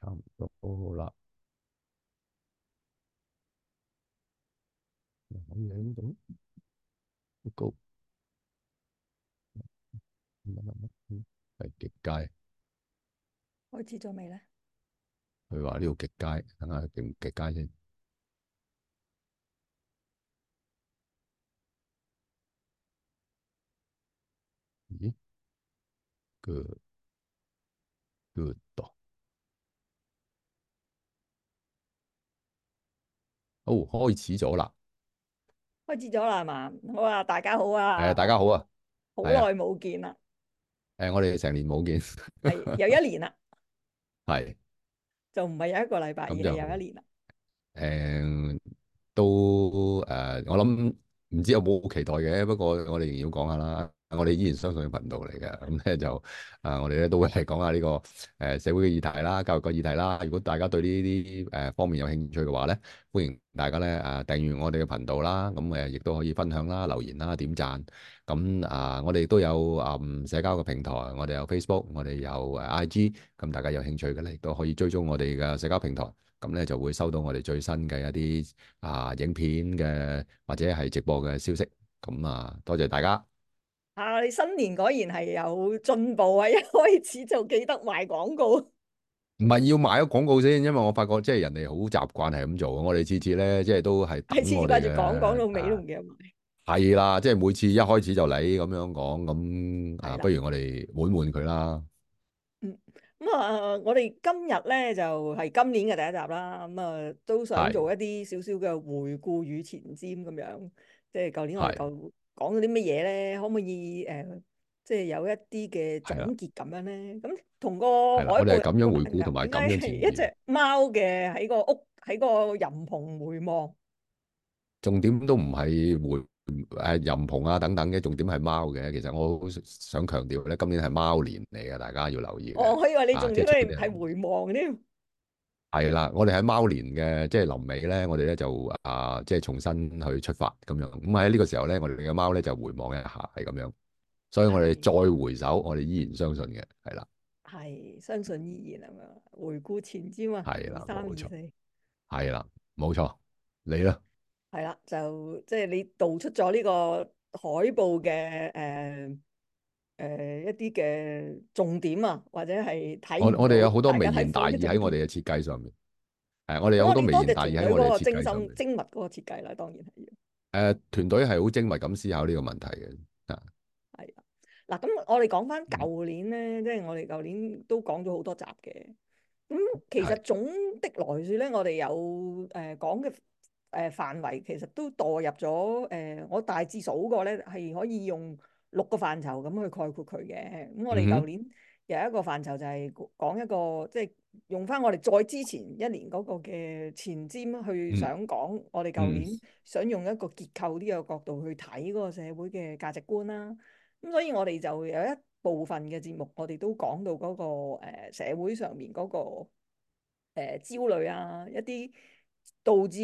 差唔多啦，又冇影到，好高，係極佳。開始咗未呢？佢話呢度極佳，等下極唔極佳先。Good，good。好，oh, 開始咗啦！開始咗啦，係嘛？我話大家好啊！誒，大家好啊！Uh, 好耐、啊、冇見啦！誒，uh, 我哋成年冇見，係有一年啦！係，就唔係有一個禮拜，而係有一年啦。誒 是，都誒，uh, 我諗唔知有冇期待嘅，不過我哋仍然要講下啦。我哋依然相信嘅頻道嚟嘅，咁咧就啊，我哋咧都會係講下呢、這個誒、呃、社會嘅議題啦、教育嘅議題啦。如果大家對呢啲誒方面有興趣嘅話咧，歡迎大家咧啊、呃、訂閱我哋嘅頻道啦。咁誒亦都可以分享啦、留言啦、點讚。咁、嗯、啊、呃，我哋都有啊、嗯、社交嘅平台，我哋有 Facebook，我哋有 IG、嗯。咁大家有興趣嘅咧，亦都可以追蹤我哋嘅社交平台。咁、嗯、咧、嗯、就會收到我哋最新嘅一啲啊影片嘅或者係直播嘅消息。咁、嗯、啊，多謝大家。啊！你新年果然係有進步啊！一開始就記得賣廣告，唔係要賣個廣告先，因為我發覺即係人哋好習慣係咁做。我哋次次咧，即係都係，係次次都係講講到尾都唔記得賣。係啦、啊，即係每次一開始就嚟咁樣講，咁的啊，不如我哋緩緩佢啦。嗯，咁啊，我哋今日咧就係今年嘅第一集啦。咁啊，都想做一啲少少嘅回顧與前瞻咁樣，的即係舊年我哋夠。講咗啲咩嘢咧？可唔可以誒，即係有一啲嘅總結咁樣咧？咁同個，係啦，我哋係咁樣回顧同埋咁樣前瞻。一隻貓嘅喺個屋喺個簷篷回望。重點都唔係回誒簷篷啊等等嘅，重點係貓嘅。其實我好想強調咧，今年係貓年嚟嘅，大家要留意。我以為你仲係回望添。係啦，我哋喺貓年嘅，即係臨尾咧，我哋咧就啊即係重新去出發咁樣，咁喺呢個時候咧，我哋嘅貓咧就回望一下係咁樣，所以我哋再回首，的我哋依然相信嘅。係啦，係相信依然啊嘛，回顧前瞻嘛，係啦，三、四，係啦，冇錯，你咧係啦，就即係、就是、你道出咗呢個海報嘅誒。呃誒一啲嘅重點啊，或者係睇我我哋有好多微言大義喺我哋嘅設計上面，係我哋有好多微言大義，喺我哋精心精密嗰個設計啦，當然係要誒團隊係好精密咁思考呢個問題嘅啊。係啊，嗱咁我哋講返舊年咧，即係我哋舊年都講咗好多集嘅。咁其實總的來説咧，我哋有誒講嘅誒範圍，其實都墮入咗誒。我大致數過咧，係可以用。六個範疇咁去概括佢嘅，咁我哋舊年有一個範疇就係講一個，即係、mm hmm. 用翻我哋再之前一年嗰個嘅前瞻去想講，我哋舊年想用一個結構啲嘅角度去睇嗰個社會嘅價值觀啦、啊。咁所以我哋就有一部分嘅節目，我哋都講到嗰、那個、呃、社會上面嗰、那個、呃、焦慮啊，一啲導致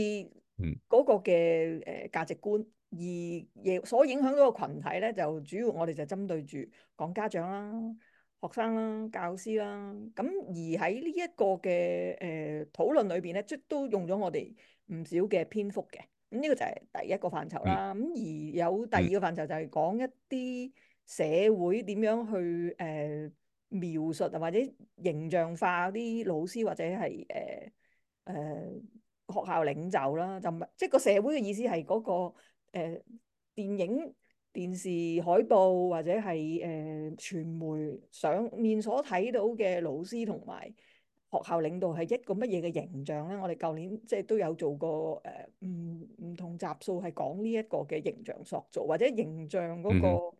嗰個嘅誒、呃、價值觀。而嘢所影響到嘅群體咧，就主要我哋就針對住講家長啦、學生啦、教師啦。咁而喺呢一個嘅誒、呃、討論裏邊咧，即都用咗我哋唔少嘅篇幅嘅。咁呢個就係第一個範疇啦。咁、嗯、而有第二個範疇就係講一啲社會點樣去誒、呃、描述或者形象化啲老師或者係誒誒學校領袖啦，就唔係即個社會嘅意思係嗰、嗰個。誒、呃，電影、電視、海報或者係誒傳媒上面所睇到嘅老師同埋學校領導係一個乜嘢嘅形象咧？我哋舊年即係都有做過誒，唔、呃、唔同集數係講呢一個嘅形象塑造或者形象嗰、嗰個誒、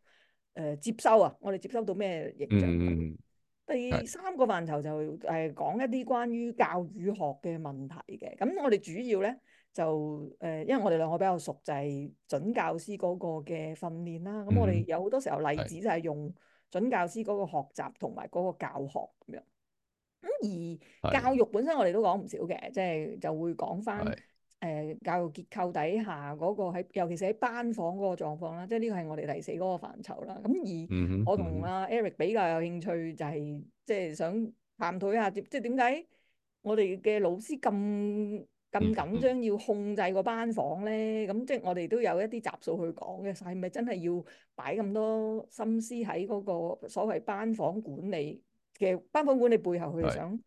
嗯呃、接收啊，我哋接收到咩形象？嗯、第三個範疇就係講一啲關於教育學嘅問題嘅，咁我哋主要咧。就誒、呃，因為我哋兩個比較熟，就係、是、準教師嗰個嘅訓練啦。咁、嗯、我哋有好多時候例子就係用準教師嗰個學習同埋嗰個教學咁樣。咁而教育本身我哋都講唔少嘅，是即係就會講翻誒教育結構底下嗰、那個喺，尤其是喺班房嗰個狀況啦。即係呢個係我哋第四嗰個範疇啦。咁、嗯嗯、而我同阿、啊、Eric 比較有興趣、就是，嗯嗯、就係即係想探討一下，即係點解我哋嘅老師咁？咁緊張要控制個班房咧？咁即係我哋都有一啲集數去講嘅，係咪真係要擺咁多心思喺嗰個所謂班房管理嘅？班房管理背後，佢哋想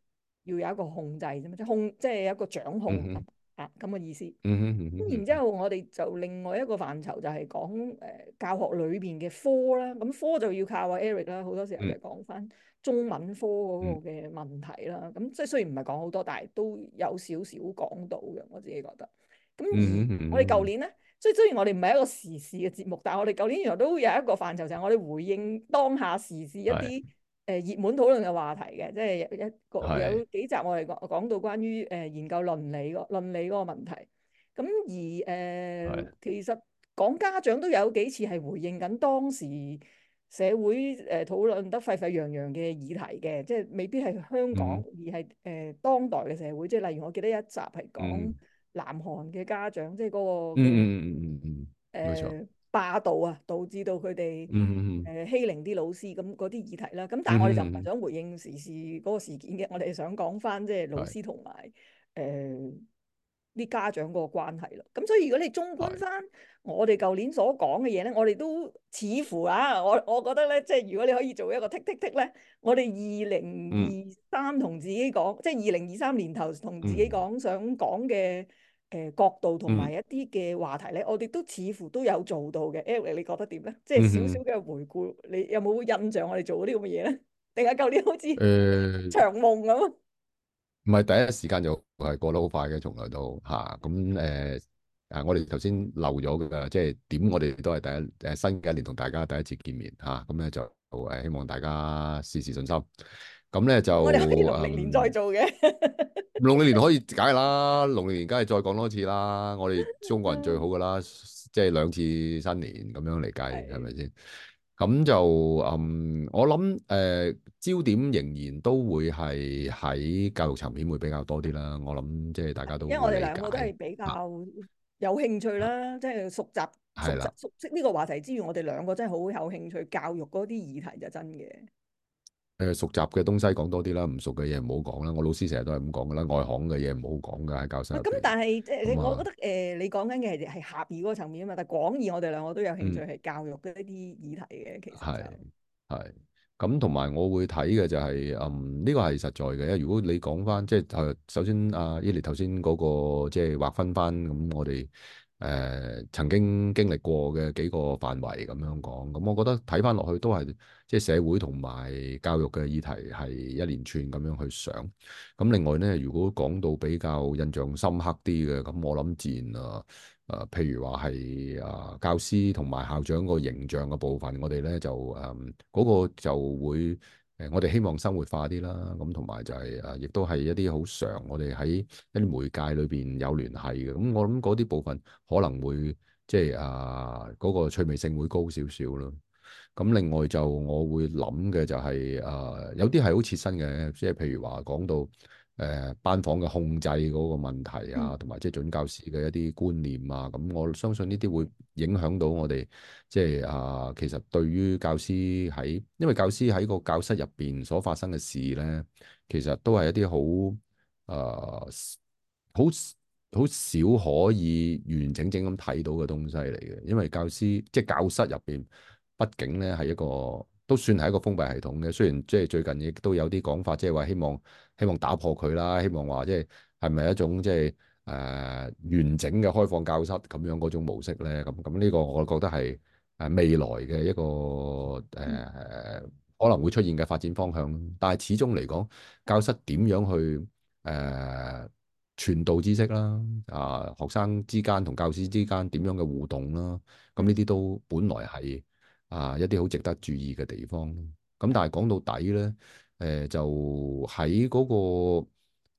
要有一個控制啫嘛，即係的控，即係有一個掌控嚇咁嘅意思。咁、嗯、哼然之後，我哋就另外一個範疇就係講誒教學裏邊嘅科啦，咁科就要靠阿 Eric 啦，好多時候就講翻。嗯中文科嗰個嘅問題啦，咁即係雖然唔係講好多，但係都有少少講到嘅。我自己覺得，咁我哋舊年咧，即係、嗯嗯嗯、雖然我哋唔係一個時事嘅節目，但係我哋舊年原來都有一個範疇，就係我哋回應當下時事一啲誒熱門討論嘅話題嘅，即係是一個有幾集我哋講講到關於誒研究倫理嗰倫理嗰個問題。咁而誒、呃、是其實講家長都有幾次係回應緊當時。社會誒、呃、討論得沸沸揚揚嘅議題嘅，即係未必係香港，嗯、而係誒、呃、當代嘅社會。即係例如我記得一集係講南韓嘅家長，嗯、即係嗰個誒、嗯嗯嗯、霸道啊，導致到佢哋誒欺凌啲老師咁嗰啲議題啦。咁但係我哋就唔係想回應時事嗰個事件嘅，我哋係想講翻即係老師同埋誒啲家長個關係咯。咁所以如果你縱觀翻，是是我哋舊年所講嘅嘢咧，我哋都似乎啊，我我覺得咧，即係如果你可以做一個剔剔剔咧，我哋二零二三同自己講，即係二零二三年頭同自己講想講嘅誒角度同埋一啲嘅話題咧，我哋都似乎都有做到嘅。Eric，你覺得點咧？即係少少嘅回顧，你有冇印象我哋做咗啲咁嘅嘢咧？定係舊年好似誒長夢咁？唔係第一時間就係過得好快嘅，從來都嚇咁誒。啊！我哋頭先漏咗嘅，即係點我哋都係第一誒新嘅一年同大家第一次見面吓，咁、啊、咧就誒希望大家事事順心。咁咧就我哋年再做嘅，農曆 年可以解啦，農曆年梗係再講多次啦。我哋中國人最好噶啦，即係兩次新年咁樣嚟計，係咪先？咁就嗯，我諗誒、呃、焦點仍然都會係喺教育層面會比較多啲啦。我諗即係大家都因為我哋兩個都係比較。嗯有興趣啦，即係熟習，熟熟悉呢個話題之餘，我哋兩個真係好有興趣教育嗰啲議題就真嘅。誒熟習嘅東西講多啲啦，唔熟嘅嘢唔好講啦。我老師成日都係咁講噶啦，外行嘅嘢唔好講噶，喺教室入邊。咁但係即係我覺得誒，你講緊嘅係係狹義嗰個層面啊嘛，但係廣義我哋兩個都有興趣係教育嘅呢啲議題嘅，其實就係。咁同埋我會睇嘅就係，嗯，呢個係實在嘅，因為如果你講翻，即係首先啊，伊研頭先嗰個即係劃分翻咁，我哋誒，曾經經歷過嘅幾個範圍咁樣講，咁我覺得睇翻落去都係即係社會同埋教育嘅議題係一連串咁樣去想。咁另外咧，如果講到比較印象深刻啲嘅，咁我諗自然啊。誒，譬、呃、如話係誒教師同埋校長個形象嘅部分，我哋咧就誒嗰、呃那個就會誒、呃，我哋希望生活化啲啦，咁同埋就係、是、誒，亦都係一啲好常，我哋喺一啲媒介裏邊有聯繫嘅，咁、嗯、我諗嗰啲部分可能會即係誒嗰個趣味性會高少少咯。咁、嗯、另外就我會諗嘅就係、是、誒、呃，有啲係好切身嘅，即係譬如話講到。誒、呃、班房嘅控制嗰個問題啊，同埋即係準教師嘅一啲觀念啊，咁我相信呢啲會影響到我哋，即係啊、呃，其實對於教師喺，因為教師喺個教室入邊所發生嘅事咧，其實都係一啲好誒，好、呃、好少可以完整整咁睇到嘅東西嚟嘅，因為教師即係教室入邊，畢竟咧係一個。都算係一個封閉系統嘅，雖然即係最近亦都有啲講法，即係話希望希望打破佢啦，希望話即係係咪一種即係誒完整嘅開放教室咁樣嗰種模式咧？咁咁呢個我覺得係誒未來嘅一個誒、呃、可能會出現嘅發展方向。但係始終嚟講，教室點樣去誒、呃、傳導知識啦？啊，學生之間同教師之間點樣嘅互動啦？咁呢啲都本來係。啊，一啲好值得注意嘅地方。咁但係講到底呢，誒、呃，就喺嗰個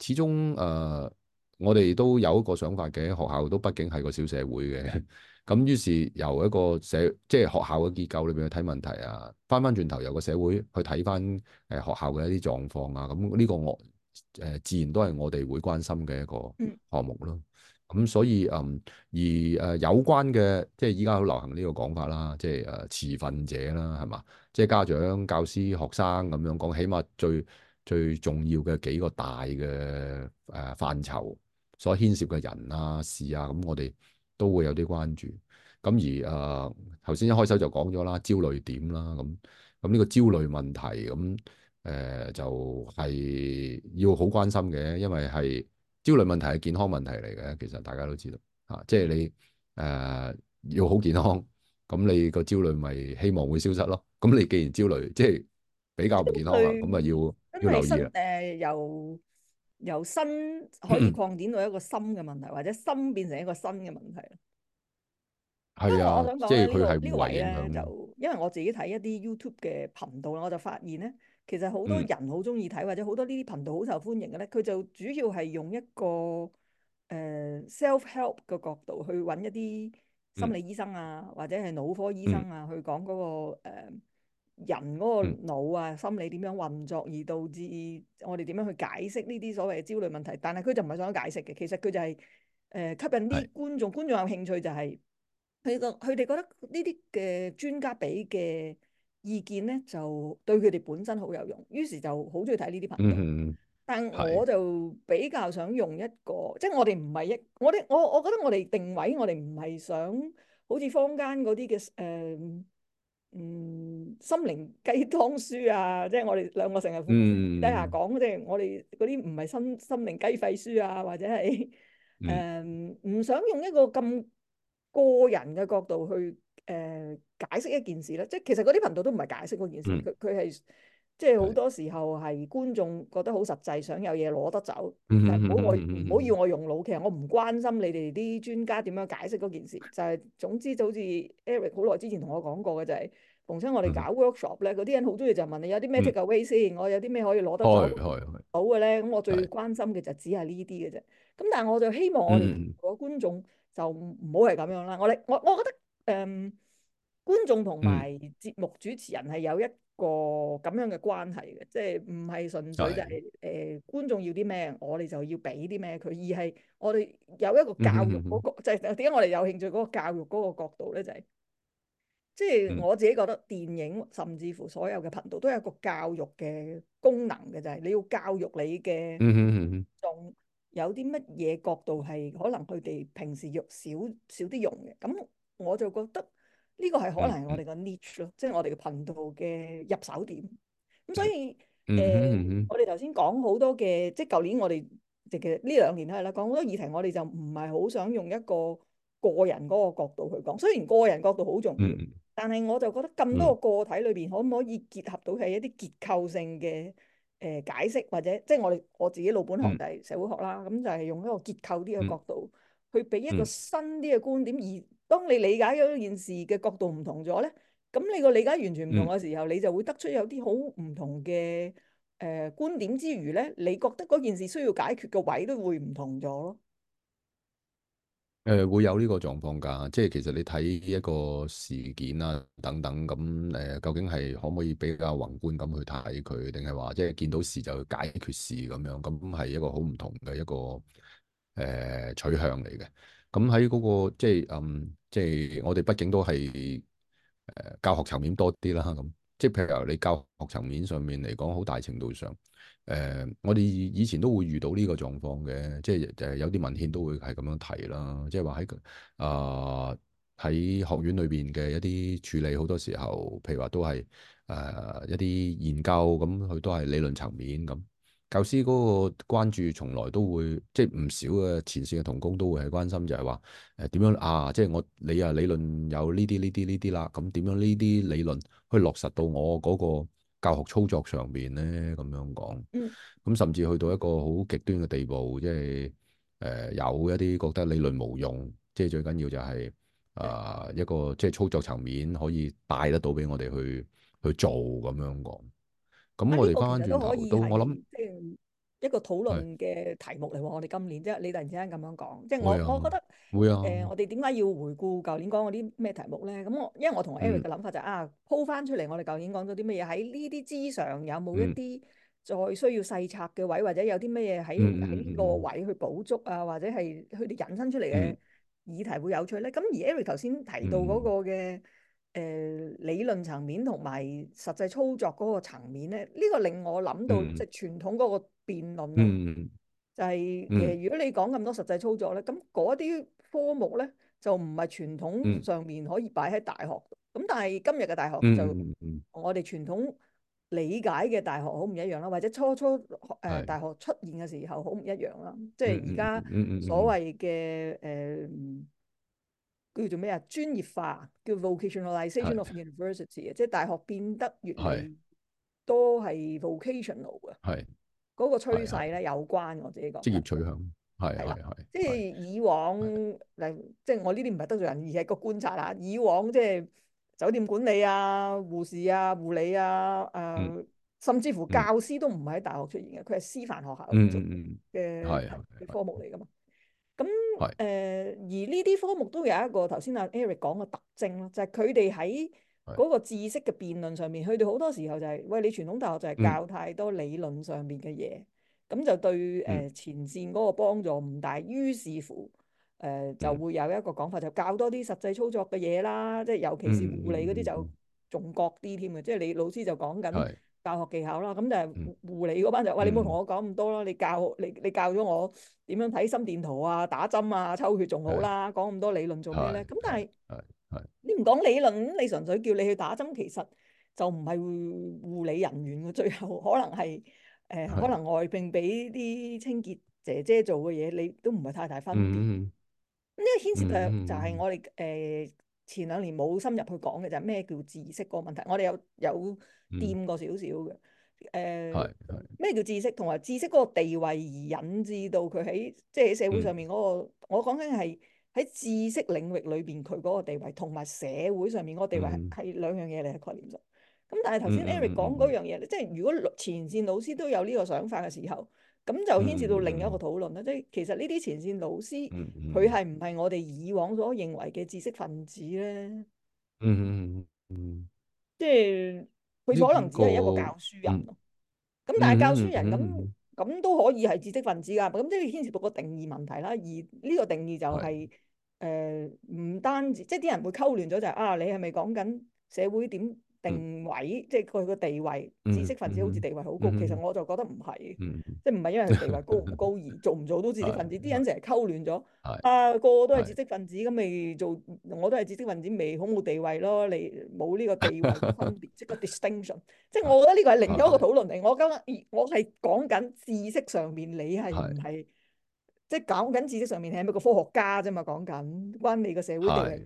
始終誒、呃，我哋都有一個想法嘅，學校都畢竟係個小社會嘅。咁、嗯、於是由一個社，即係學校嘅結構裏面去睇問題啊，返返轉頭由個社會去睇返誒學校嘅一啲狀況啊。咁呢個我誒，自然都係我哋會關心嘅一個項目咯。咁、嗯、所以嗯，而誒、呃、有關嘅，即係依家好流行呢個講法啦，即係誒、呃、持份者啦，係嘛？即係家長、教師、學生咁樣講，起碼最最重要嘅幾個大嘅誒、呃、範疇所牽涉嘅人啊、事啊，咁、嗯、我哋都會有啲關注。咁、嗯、而誒頭先一開首就講咗啦，焦慮點啦，咁咁呢個焦慮問題咁誒、嗯呃、就係、是、要好關心嘅，因為係。焦慮問題係健康問題嚟嘅，其實大家都知道啊，即係你誒、呃、要好健康，咁你個焦慮咪希望會消失咯。咁你既然焦慮，即係比較唔健康啦，咁啊焦慮要要留意誒，由由新可以擴展到一個新嘅問題， 或者新變成一個新嘅問題啦。係啊，即係佢係互為影響。因為我自己睇一啲 YouTube 嘅頻道，我就發現咧。其實好多人好中意睇，或者好多呢啲頻道好受歡迎嘅呢，佢就主要係用一個誒、呃、Self Help 嘅角度去揾一啲心理醫生啊，嗯、或者係腦科醫生啊，去講嗰、那個、呃、人嗰個腦啊，心理點樣運作，而導致我哋點樣去解釋呢啲所謂嘅焦慮問題。但係佢就唔係想解釋嘅，其實佢就係、是呃、吸引啲觀眾，的觀眾有興趣就係佢佢哋覺得呢啲嘅專家俾嘅意見咧就對佢哋本身好有用，於是就好中意睇呢啲頻道。嗯、但我就比較想用一個，是即係我哋唔係一，我哋我我覺得我哋定位我，我哋唔係想好似坊間嗰啲嘅誒嗯心靈雞湯書啊，即係我哋兩個成日底下講，嗯、即係我哋嗰啲唔係心心靈雞肺書啊，或者係誒唔想用一個咁個人嘅角度去誒。呃解釋一件事咧，即係其實嗰啲頻道都唔係解釋嗰件事，佢佢係即係好多時候係觀眾覺得好實際，想有嘢攞得走，唔好、嗯、我唔好要，要我用腦。其實我唔關心你哋啲專家點樣解釋嗰件事，就係、是、總之就好似 Eric 好耐之前同我講過嘅就係、是，逢親我哋搞 workshop 咧、嗯，嗰啲人好中意就問你有啲咩 take away、嗯、先，我有啲咩可以攞得走嘅咧。咁我最關心嘅就只係呢啲嘅啫。咁但係我就希望我哋嗰個觀眾就唔好係咁樣啦。我哋我我覺得誒。嗯觀眾同埋節目主持人係有一個咁樣嘅關係嘅，嗯、即係唔係純粹就係、是、誒對、呃、觀眾要啲咩，我哋就要俾啲咩佢，而係我哋有一個教育嗰、嗰個，嗯、哼哼就係點解我哋有興趣嗰個教育嗰個角度咧，就係、是、即係我自己覺得電影、嗯、甚至乎所有嘅頻道都有一個教育嘅功能嘅，就係、是、你要教育你嘅，嗯仲有啲乜嘢角度係可能佢哋平時弱少少啲用嘅，咁我就覺得。呢個係可能係我哋個 niche 咯，hmm. 即係我哋嘅頻道嘅入手點。咁所以誒、mm hmm. 呃，我哋頭先講好多嘅，即係舊年我哋其實呢兩年都係啦，講好多議題，我哋就唔係好想用一個個人嗰個角度去講。雖然個人角度好重要，mm hmm. 但係我就覺得咁多個個體裏邊，可唔可以結合到係一啲結構性嘅誒、呃、解釋，或者即係我哋我自己老本行就係、mm hmm. 社會學啦。咁就係用一個結構啲嘅角度去俾一個新啲嘅觀點而。Mm hmm. mm hmm. 當你理解咗一件事嘅角度唔同咗咧，咁你個理解完全唔同嘅時候，嗯、你就會得出有啲好唔同嘅誒、呃、觀點之餘咧，你覺得嗰件事需要解決嘅位都會唔同咗咯。誒、呃，會有呢個狀況噶，即係其實你睇一個事件啊等等，咁誒、呃，究竟係可唔可以比較宏觀咁去睇佢，定係話即係見到事就解決事咁樣？咁係一個好唔同嘅一個誒、呃、取向嚟嘅。咁喺嗰個即係誒，即係、嗯、我哋畢竟都係誒教學層面多啲啦。咁即係譬如你教學層面上面嚟講，好大程度上誒、呃，我哋以前都會遇到呢個狀況嘅。即係誒、呃、有啲文獻都會係咁樣提啦。即係話喺誒喺學院裏邊嘅一啲處理，好多時候譬如話都係誒、呃、一啲研究，咁、嗯、佢都係理論層面咁。教師嗰個關注從來都會，即係唔少嘅前線嘅同工都會係關心就，就係話誒點樣啊？即係我你啊理論有呢啲呢啲呢啲啦，咁點樣呢啲理論去落實到我嗰個教學操作上面咧？咁樣講，咁、嗯嗯、甚至去到一個好極端嘅地步，即係誒、呃、有一啲覺得理論無用，即係最緊要就係、是、啊、呃、一個即係操作層面可以帶得到俾我哋去去做咁樣講。咁我哋翻，然後都我諗，即係一個討論嘅題目嚟喎。我哋今年即啫，的你突然之間咁樣講，即係我的我覺得，誒的、呃，我哋點解要回顧舊年講嗰啲咩題目咧？咁我因為我同 Eric 嘅諗法就係、是嗯、啊，鋪翻出嚟，我哋舊年講咗啲咩嘢？喺呢啲之上，有冇一啲再需要細拆嘅位，嗯、或者有啲咩嘢喺喺個位去補足啊？嗯、或者係佢哋引申出嚟嘅議題會有趣咧？咁而 Eric 頭先提到嗰個嘅。嗯誒、呃，理論層面同埋實際操作嗰個層面咧，呢、這個令我諗到、嗯、即係傳統嗰個辯論，就係誒，如果你講咁多實際操作咧，咁嗰啲科目咧就唔係傳統上面可以擺喺大學。咁、嗯、但係今日嘅大學就、嗯、我哋傳統理解嘅大學好唔一樣啦，或者初初誒是、呃、大學出現嘅時候好唔一樣啦，即係而家所謂嘅誒。呃嗯嗯叫做咩啊？專業化叫 vocationalization of university 啊，即係大學變得越嚟都係 vocational 嘅，係嗰個趨勢咧有關我自己講。職業取向係係係，即係以往嗱，即係我呢啲唔係得罪人，而係個觀察啦。以往即係酒店管理啊、護士啊、護理啊、誒，甚至乎教師都唔係喺大學出現嘅，佢係師範學校嘅科目嚟噶嘛。係、uh, 而呢啲科目都有一個頭先阿 Eric 講嘅特徵咯，就係佢哋喺嗰個知識嘅辯論上面，佢哋好多時候就係、是、喂，你傳統大學就係教太多理論上面嘅嘢，咁、嗯、就對誒、呃、前線嗰個幫助唔大。於是乎誒、呃、就會有一個講法，就教多啲實際操作嘅嘢啦，即係尤其係護理嗰啲就仲覺啲添嘅，嗯嗯嗯、即係你老師就講緊。教學技巧啦，咁就係護理嗰班就話：你唔好同我講咁多咯，你教你你教咗我點樣睇心電圖啊、打針啊、抽血仲好啦，講咁多理論做咩咧？咁但係你唔講理論，咁你純粹叫你去打針，其實就唔係護理人員嘅，最後可能係誒可能外聘俾啲清潔姐姐做嘅嘢，你都唔係太大分別。咁呢個牽涉就係我哋誒前兩年冇深入去講嘅，就係咩叫知識個問題。我哋有有。掂過少少嘅，誒，咩、係係、叫知識同埋知識嗰個地位，而引致到佢喺即係喺社會上面、那、嗰個。嗯、我講緊係喺知識領域裏邊佢嗰個地位，同埋社會上面個地位係兩樣嘢嚟嘅概念。咁、嗯，咁但係頭先 Eric 講嗰樣嘢，嗯嗯嗯嗯，即係如果前線老師都有呢個想法嘅時候，咁就牽涉到另一個討論啦。嗯嗯嗯嗯嗯，即係其實呢啲前線老師佢係唔係我哋以往所認為嘅知識分子咧？嗯嗯嗯，即係、就是。佢可能只係一個教書人，咁、這個嗯、但係教書人咁咁都可以係知識分子噶，咁即係牽涉到個定義問題啦。而呢個定義就係、是、誒，唔的、呃、單止，即係啲人會溝亂咗，就係、是、啊，你係咪講緊社會點？定位即係佢個地位，知識分子好似地位好高，嗯、其實我就覺得唔係，嗯、即係唔係因為佢地位高唔高而 做唔做到知識分子，啲 人成日溝亂咗， 啊個個都係知識分子，咁咪做我都係知識分子，未好冇地位咯，你冇呢個地位分別，即係 distinction，即係我覺得呢個係另一個討論嚟，我今日我係講緊知識上面，你係唔係？即係講緊知識上面，係咪個科學家啫嘛？講緊關你個社會地位，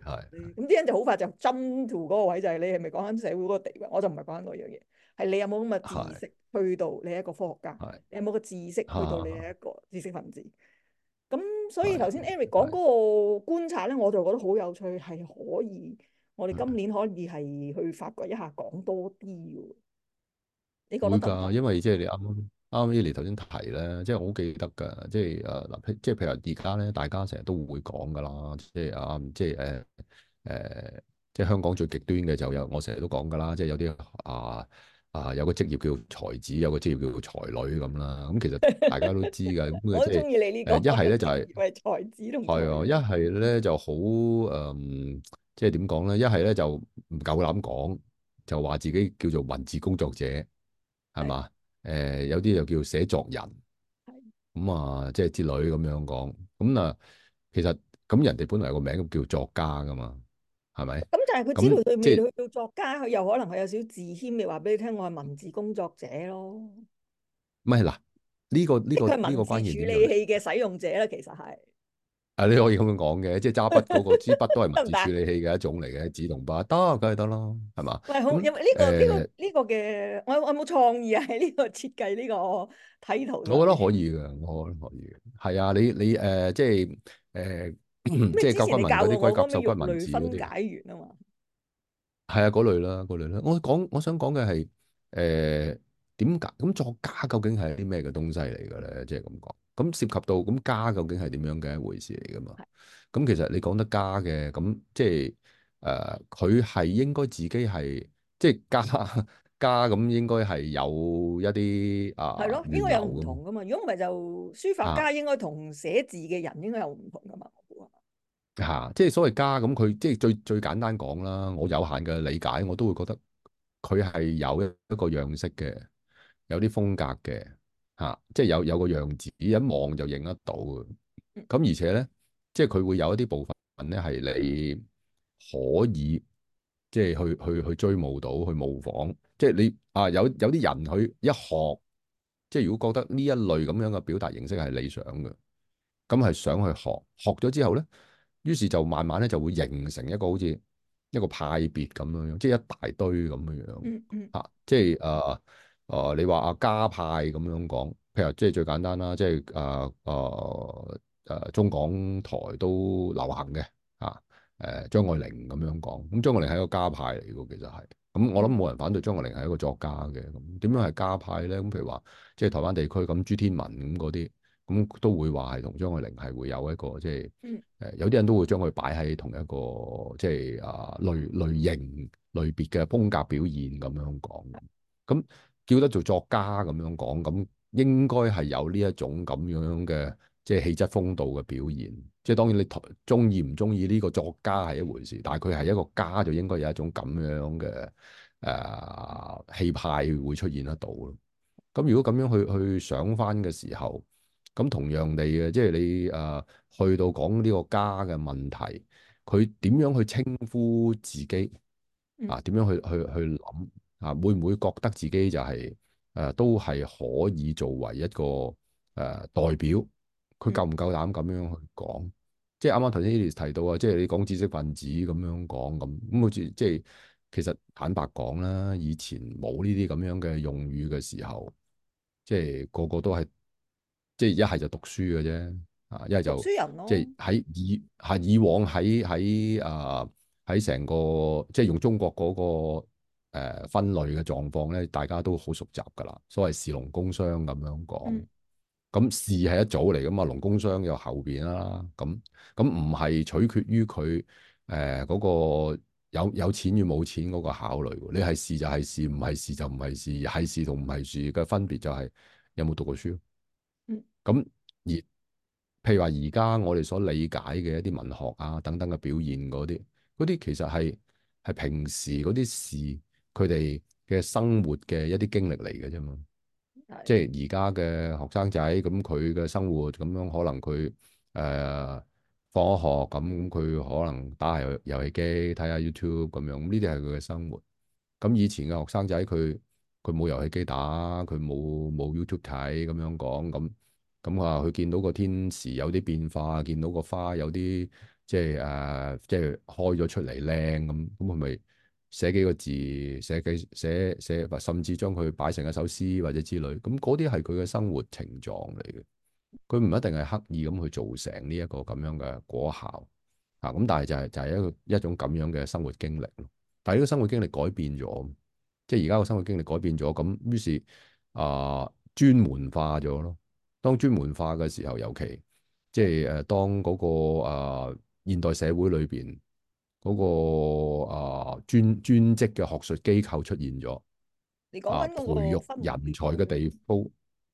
咁啲人就好快就 jump to 嗰個位，就係你係咪講緊社會嗰個地位？我就唔係講緊嗰樣嘢，係你有冇咁嘅知識去到你係一個科學家，是你有冇個知識去到你係一個知識分子？咁所以頭先 Eric 講嗰個觀察咧，我就覺得好有趣，係可以，我哋今年可以係去發掘一下，講多啲嘅。你覺得對對？會㗎，因為即係你啱啱。啱 Eli 頭先提咧，即係我好記得㗎，即係誒嗱，即係譬如而家咧，大家成日都會講㗎啦，即係啊，即係誒誒，即係香港最極端嘅就有，我成日都講㗎啦，即係有啲啊啊，有個職業叫才子，有個職業叫做才女咁啦，咁其實大家都知㗎，咁 即係我好鍾意你呢個，一係咧就係、係，才子咯，係哦，一係咧就好誒，即係點講咧？一係咧就唔夠膽講，就話自己叫做文字工作者，係嘛？ 誒、呃，有啲又叫寫作人，咁的、嗯、啊，即、就、係、是、之類咁樣講，咁、嗯、啊，其實咁人哋本嚟有個名叫作家噶嘛，係咪？咁但係佢知道佢未去到作家，佢、嗯、又可能佢有少少自謙，咪話俾你聽我係文字工作者咯。唔係嗱，呢、這個呢、這個呢個文字處理器嘅使用者啦，其實係。啊，你可以咁樣講嘅，即係揸筆嗰個支筆都係文字處理器嘅一種嚟嘅，紙同筆得，梗係得啦，係嘛？喂，好那，因為呢個呢、這個呢、這個嘅，我我有冇創意啊？喺呢個設計呢、這個睇圖，我覺得可以嘅，我覺得可以嘅，係啊，你你誒、呃，即係誒，呃、什麼 即係甲骨文嗰啲龜甲、獸骨文字嗰啲，解字完啊嘛嗎，係啊，嗰類啦，嗰類啦，我講，我想講嘅係誒，點解咁作家究竟係啲咩嘅東西嚟嘅咧？即係咁講。咁涉及到咁家究竟係點樣嘅一回事嚟噶嘛？咁是其實你講得家嘅咁，即係誒，佢係應該自己係即係家家咁，應該係有一啲啊係咯，應該有唔同噶嘛。如果唔係就書法家應該同寫字嘅人應該有唔同噶嘛。吓，即係所謂家咁，佢即係最最簡單講啦。我有限嘅理解，我都會覺得佢係有一一個樣式嘅，有啲風格嘅。吓、啊，即係有有個樣子一望就認得到嘅，咁而且咧，即係佢會有一啲部分咧係你可以，即係去去去追慕到去模仿，即係你啊有有啲人佢一學，即係如果覺得呢一類咁樣嘅表達形式係理想嘅，咁係想去學，學咗之後咧，於是就慢慢咧就會形成一個好似一個派別咁樣樣，即係一大堆咁樣樣，吓、啊，即係啊。啊、呃！你話啊，家派咁樣講，譬如即係最簡單啦，即係啊啊誒，中港台都流行嘅嚇誒，張愛玲咁樣講，咁、嗯、張愛玲係一個加派嚟嘅，其實係咁。嗯、我諗冇人反對張愛玲係一個作家嘅，咁，點樣係加派咧？咁譬如話，即係台灣地區咁朱天文咁嗰啲，咁都會話係同張愛玲係會有一個即係誒，有啲人都會將佢擺喺同一個即係啊類類型類別嘅風格表現咁樣講咁。叫得做作家咁樣講，咁應該係有呢一種咁樣嘅即係氣質風度嘅表現。即係當然你中意唔中意呢個作家係一回事，但係佢係一個家就應該有一種咁樣嘅誒、呃、氣派會出現得到咯。咁如果咁樣去去想返嘅時候，咁同樣地嘅即係你誒、呃、去到講呢個家嘅問題，佢點樣去稱呼自己啊？點樣去去去諗？啊，會唔會覺得自己就係、是、誒、呃、都係可以作為一個誒、呃、代表？佢夠唔夠膽咁樣去講？嗯、即係啱啱頭先 Elias 提到啊，即係你講知識分子咁樣講咁咁，似、嗯、即係其實坦白講啦，以前冇呢啲咁樣嘅用語嘅時候，即係個個都係即係一係就讀書嘅啫，啊一係就讀書人、哦、即係喺以係以往喺喺啊喺成個即係用中國嗰、那個。誒、呃、分類嘅狀況咧，大家都好熟習㗎啦。所謂士農工商咁樣講，咁士係一組嚟噶嘛，農工商有後邊啦、啊。咁咁唔係取決於佢誒嗰個有有錢與冇錢嗰個考慮。你係士就係士，唔係士就唔係士。係士同唔係士嘅分別就係有冇讀過書、啊。嗯，咁而譬如話而家我哋所理解嘅一啲文學啊等等嘅表現嗰啲嗰啲，其實係係平時嗰啲士。佢哋嘅生活嘅一啲經歷嚟嘅啫嘛，的即係而家嘅學生仔咁，佢嘅生活咁樣可能佢誒、呃、放學咁，佢可能打下遊遊戲機睇下 YouTube 咁樣，呢啲係佢嘅生活。咁以前嘅學生仔佢佢冇遊戲機打，佢冇冇 YouTube 睇咁樣講咁咁話，佢見到個天時有啲變化，見到個花有啲即係誒、呃、即係開咗出嚟靚咁，咁係咪？寫幾個字，寫幾寫寫，甚至將佢擺成一首詩或者之類，咁嗰啲係佢嘅生活情狀嚟嘅，佢唔一定係刻意咁去造成呢一個咁樣嘅果效，啊，咁但係就係、是、就係、是、一個一種咁樣嘅生活經歷咯。但係呢個生活經歷改變咗，即係而家個生活經歷改變咗，咁於是啊專、呃、門化咗咯。當專門化嘅時候，尤其即係誒，當嗰個啊現代社會裏邊。嗰、那個啊專專職嘅學術機構出現咗，你講緊培育人才嘅地方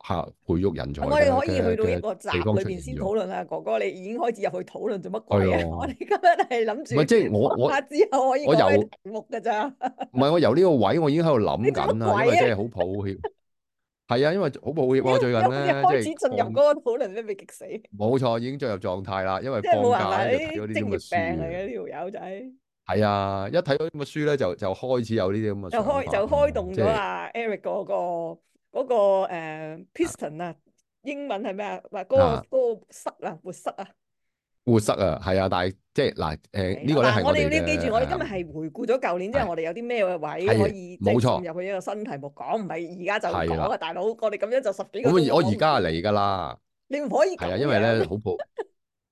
吓，培育人才。我、啊、哋可以去到一個地方裏邊先討論啊，哥哥你已經開始入去討論做乜鬼啊？的我哋今日係諗住，唔係即係我我下之後可以我由目㗎咋？唔係 我由呢個位，我已經喺度諗緊啦，啊、因為真係好抱歉。 係啊，因為好暴烈喎！最近咧，一開始進入嗰個討論咧，被激死。冇錯，已經進入狀態啦，因為放假咧睇咗啲咁嘅書嚟嘅呢條友仔。係啊，一睇到啲咁嘅書咧，就就開始有呢啲咁嘅。就開就開動咗啊！Eric 嗰個嗰個誒 piston 啊，英文係咩啊？話嗰個嗰個塞啊，活塞啊。活塞啊，係啊，但係。即係嗱，誒呢個係我哋要你記住，我哋今日係回顧咗舊年之後，我哋有啲咩位可以即係進入去一個新題目講，唔係而家就講大佬，我哋咁樣就十幾個。我而家嚟噶啦，你唔可以係啊，因為咧好抱，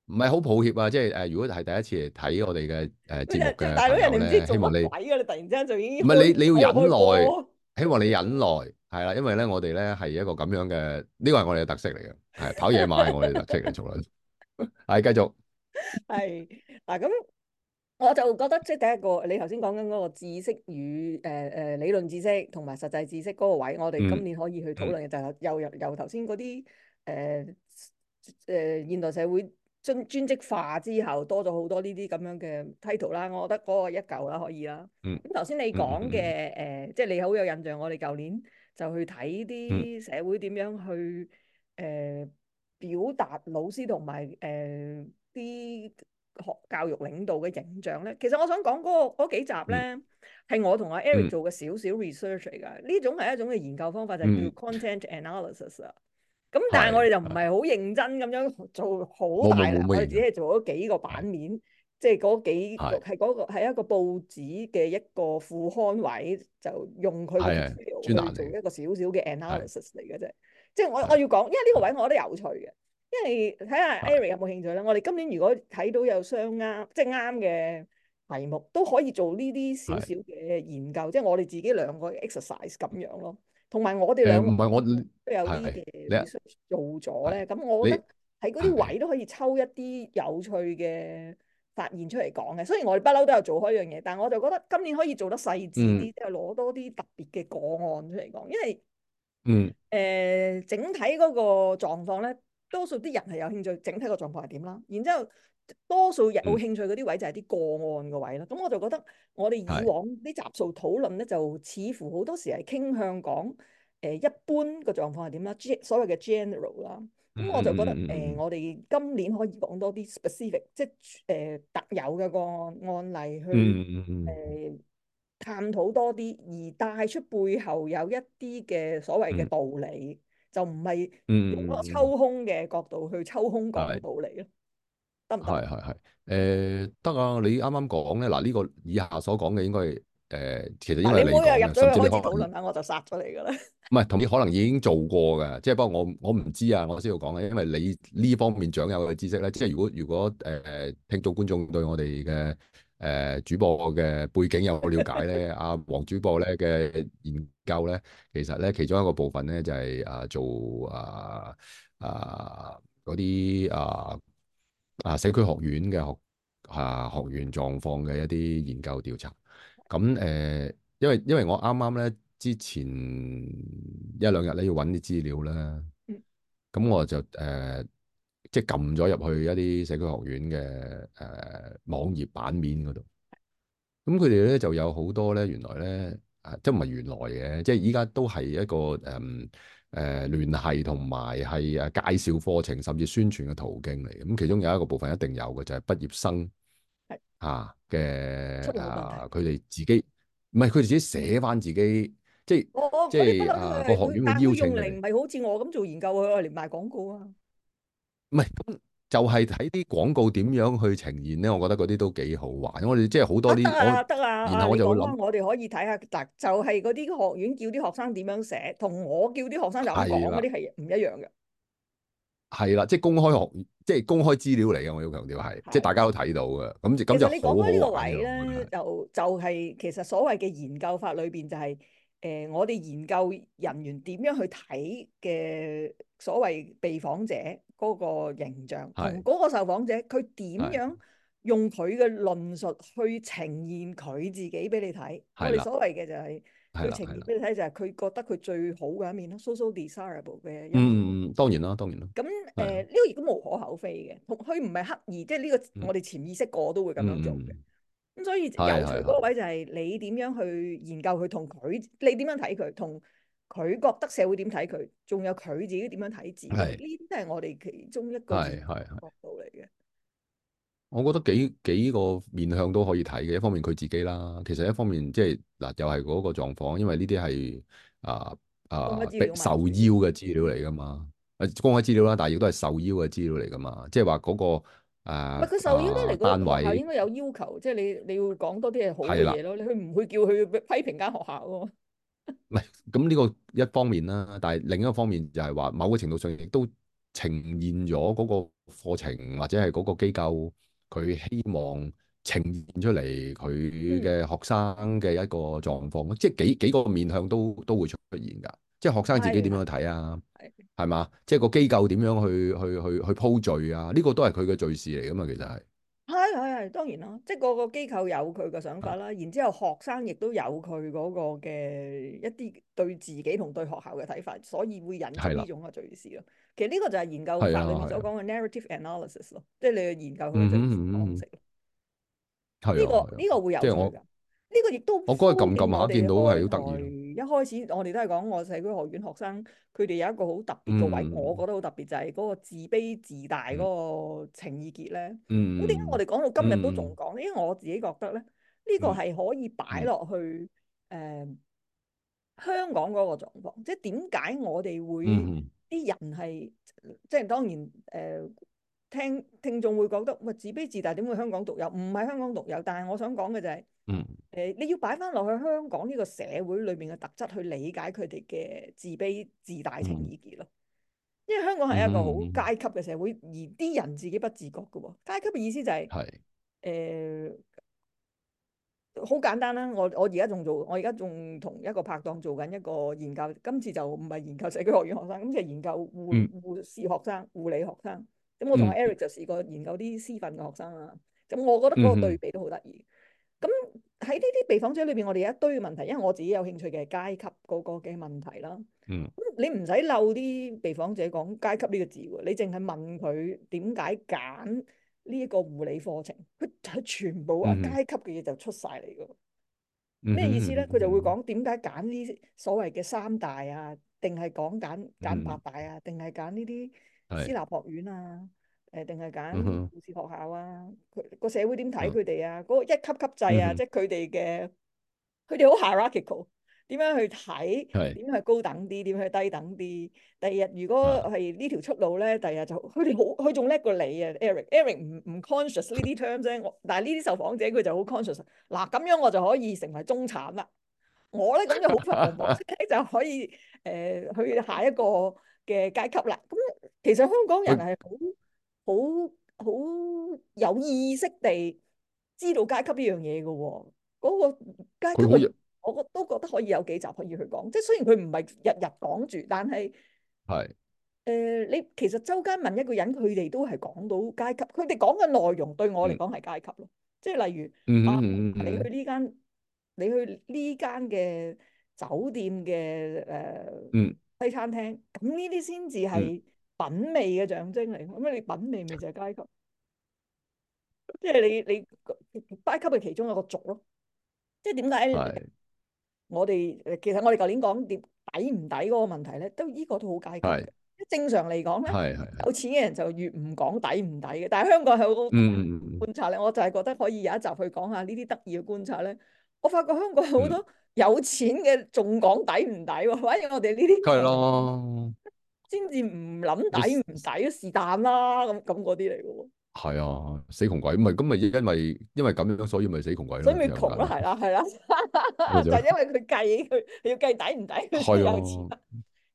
唔係好抱歉啊，即係誒，如果係第一次嚟睇我哋嘅誒節目嘅大佬，人哋唔知做鬼啊，你突然之間就已經唔係你，你要忍耐，希望你忍耐，係啦，因為咧我哋咧係一個咁樣嘅呢個係我哋嘅特色嚟嘅，係跑野馬係我哋嘅特色嚟，從嚟係繼續。係嗱，咁 我就覺得即係第一個，你頭先講緊嗰個知識與誒誒理論知識同埋實際知識嗰個位，我哋今年可以去討論嘅，就係由由由頭先嗰啲誒誒現代社會專專職化之後多咗好多呢啲咁樣嘅 title 啦，我覺得嗰個一嚿啦可以啦。咁頭先你講嘅誒，即係你好有印象，我哋舊年就去睇啲社會點樣去誒、呃、表達老師同埋誒。呃啲學教育領導嘅形象咧，其實我想講嗰個幾集咧，係我同阿 Eric 做嘅少少 research 嚟噶。呢種係一種嘅研究方法，就係叫 content analysis 啊。咁但係我哋就唔係好認真咁樣做好大，我哋只係做咗幾個版面，即係嗰幾係嗰個係一個報紙嘅一個副刊位，就用佢嚟做一個少少嘅 analysis 嚟嘅啫。即係我我要講，因為呢個位我覺得有趣嘅。因為睇下 Eric 有冇興趣啦。是我哋今年如果睇到有相啱，即係啱嘅題目，都可以做呢啲少少嘅研究，即係是我哋自己兩個 exercise 咁樣咯。同埋我哋兩個唔係我都有啲嘢做咗咧。咁是我覺得喺嗰啲位都可以抽一啲有趣嘅發現出嚟講嘅。是雖然我哋不嬲都有做開一樣嘢，但係我就覺得今年可以做得細緻啲，即係攞多啲特別嘅個案出嚟講。因為嗯誒、呃、整體嗰個狀況咧，多數啲人係有興趣，整體個狀況係點啦？然之後多數人有興趣嗰啲位就係啲個案嘅位啦。咁我就覺得，我哋以往啲集數討論咧，就似乎好多時係傾向講誒一般個狀況係點啦，所謂嘅 general 啦。咁我就覺得誒，我哋今年可以講多啲 specific、嗯、即係誒特有嘅個案、案例去誒、嗯嗯嗯嗯嗯、探討多啲，而帶出背後有一啲嘅所謂嘅道理。嗯嗯就唔係用個抽空嘅角度去抽空講道理咯，得唔得？係係係，誒得、呃、啊！你啱啱講咧，嗱、這、呢個以下所講嘅應該係、呃、其實應該你冇入入咗開始討論啊，我就殺咗你噶啦。唔係，同你可能已經做過嘅，即係不過我我唔知啊，我先要講嘅，因為你呢方面掌握嘅知識咧，即係如果如果誒、呃、聽到觀眾對我哋嘅。誒、呃，主播嘅背景有冇了解咧？阿黃、 啊、主播咧嘅研究咧，其實咧其中一個部分咧就係、是、啊做啊啊嗰啲啊啊社區學院嘅學啊學員狀況嘅一啲研究調查。咁誒、呃，因為因為我啱啱咧之前一兩日咧要揾啲資料咧，咁我就誒。呃即係撳咗入去一啲社區學院嘅誒、呃、網頁版面嗰度，咁佢哋咧就有好多咧，原來咧、啊、即係唔係原來嘅，即係依家都係一個誒誒聯繫同埋係啊介紹課程甚至宣傳嘅途徑嚟嘅。咁、嗯、其中有一個部分一定有嘅就係、是、畢業生係吓嘅啊，佢哋自己唔係佢哋自己寫返自己，即係即係誒啊，個學院嘅要求嚟唔係好似我咁做研究去嚟賣廣告啊。唔係，咁就係睇啲廣告點樣去呈現咧。我覺得嗰啲都幾好玩。我哋即係好多啲，得啊，得啊。啊我然後我就諗，我哋可以睇下，但就係嗰啲學院叫啲學生點樣寫，同我叫啲學生就咁講嗰啲係唔一樣嘅。係啦，即係公開學院，即係公開資料嚟嘅。我要強調係，的即係大家都睇到嘅。咁就咁其實 就好你講開呢個位咧，的就就係其實所謂嘅研究法裏邊、就是，就係誒，我哋研究人員點樣去睇嘅。所謂被訪者嗰個形象，同嗰是個受訪者，佢點樣用佢嘅論述去呈現佢自己俾你睇？佢哋的所謂嘅就係佢呈現俾你睇就係佢覺得佢最好嘅一面咯 so，so desirable 嘅。嗯，當然啦，當然啦。咁誒呢個亦都無可厚非嘅，佢唔係刻意，即係呢個我哋潛意識個都會咁樣做嘅。咁、嗯、所以由嗰位就係你點樣去研究佢同佢，的你點樣睇佢同？佢覺得社會點睇佢，仲有佢自己點樣睇自己，呢啲是都係我哋其中一個角度嚟嘅。我覺得幾幾個面向都可以睇嘅，一方面佢自己啦，其實一方面即係嗱，又係嗰個狀況，因為呢啲係啊啊受邀嘅資料嚟噶嘛，公開資料啦，但係亦都係受邀嘅資料嚟噶嘛，即係話嗰個啊，受啊單位應該有要求，即係你你要講多啲係好嘅嘢咯，你佢唔會叫佢批評間學校咯。唔係咁呢個一方面啦，但係另一個方面就係話，某個程度上亦都呈現咗嗰個課程或者係嗰個機構佢希望呈現出嚟佢嘅學生嘅一個狀況，嗯、即係幾幾個面向都都會出現噶，即係學生自己點樣、啊、樣去睇啊？係嘛，即係個機構點樣去去去去鋪敘啊？呢個都係佢嘅敘事嚟噶嘛，其實係。係當然啦，即係個個機構有佢嘅想法啦，的然之後學生亦都有佢嗰個嘅一啲對自己同對學校嘅睇法，所以會引起呢種嘅敘事咯。的其實呢個就係研究法裏面所講嘅 narrative analysis 咯，即係你去研究佢嘅方式係呢個呢個會有，即係我呢個亦都我嗰日撳撳下見到係好得意。一開始我哋都係講我社區學院學生，佢哋有一個好特別嘅位，嗯、我覺得好特別就係、是、嗰個自卑自大嗰個情意結咧。咁點解我哋講到今日都仲講？嗯、因為我自己覺得咧，呢個係可以擺落去誒、呃、香港嗰個狀況，嗯、即係點解我哋會啲、嗯、人係即係當然誒、呃、聽聽眾會覺得喂、呃、自卑自大點會香港獨有？唔係香港獨有，但係我想講嘅就係、是。嗯，誒、呃，你要擺翻落去香港呢個社會裏面嘅特質去理解佢哋嘅自卑自大情意結咯，嗯、因為香港係一個好階級嘅社會，而啲人自己不自覺嘅喎，階級嘅意思就係、是，誒是，好、呃、簡單啦、啊，我我而家仲做，我而家仲同一個拍檔做緊一個研究，今次就唔係研究社區學院學生，咁就研究護、嗯、護士學生、護理學生，咁、嗯、我同 Eric 就試過研究啲私訓嘅學生啦，咁我覺得嗰個對比都好得意。咁喺呢啲被訪者裏邊，我哋有一堆問題，因為我自己有興趣嘅係階級嗰個嘅問題啦。嗯。咁你唔使漏啲被訪者講階級呢個字喎，你淨係問佢點解揀呢一個護理課程，佢就係全部啊階級嘅嘢就出晒嚟㗎。嗯。咩意思咧？佢就會講點解揀呢所謂嘅三大啊，定係講揀揀八大啊，定係揀呢啲私立學院啊。誒，定係揀護士學校啊？佢個社會點睇佢哋啊？嗰個一級級制啊， 即係佢哋嘅，佢哋好 hierarchical，點樣去睇？點樣 去高等啲？點樣去低等啲？第二日如果係呢條出路咧，第日就佢哋好，佢仲叻過你啊，Eric。Eric 唔唔 conscious 呢啲 terms 啫，我但係呢啲受訪者佢就好 conscious。嗱，咁樣我就可以成為中產啦。我咧咁就好快活， 就可以誒、呃、去下一個嘅階級啦。咁其實香港人係好。 好好有意識地知道階級呢樣嘢嘅喎，嗰、那個階級很我都覺得可以有幾集可以去講。即係雖然佢唔係日日講住，但係係誒你其實周街問一個人，佢哋都係講到階級。佢哋講嘅內容對我嚟講係階級咯。即係、嗯、例如嗯哼嗯哼啊，你去呢間你去呢間嘅酒店嘅誒、呃嗯、西餐廳，咁呢啲先至係。品味嘅象徵嚟，咁你品味咪就係階級，即係你你階級嘅其中一個族咯。即係點解？我哋其實我哋舊年講啲抵唔抵嗰個問題咧，都依個都好階級。即係正常嚟講咧，有錢嘅人就越唔講抵唔抵嘅。但係香港係好觀察咧，我就係覺得可以有一集去講下呢啲得意嘅觀察咧。我發覺香港好多有錢嘅仲講抵唔抵喎，反而我哋呢啲係咯。先至唔諗抵唔抵，就是但啦，咁咁嗰啲嚟嘅喎。係啊，死窮鬼，唔係咁咪因為因為咁樣，所以咪死窮鬼咯。所以咪窮咯，係啦係啦，啊、 就因為佢計佢要計抵唔抵，佢有錢。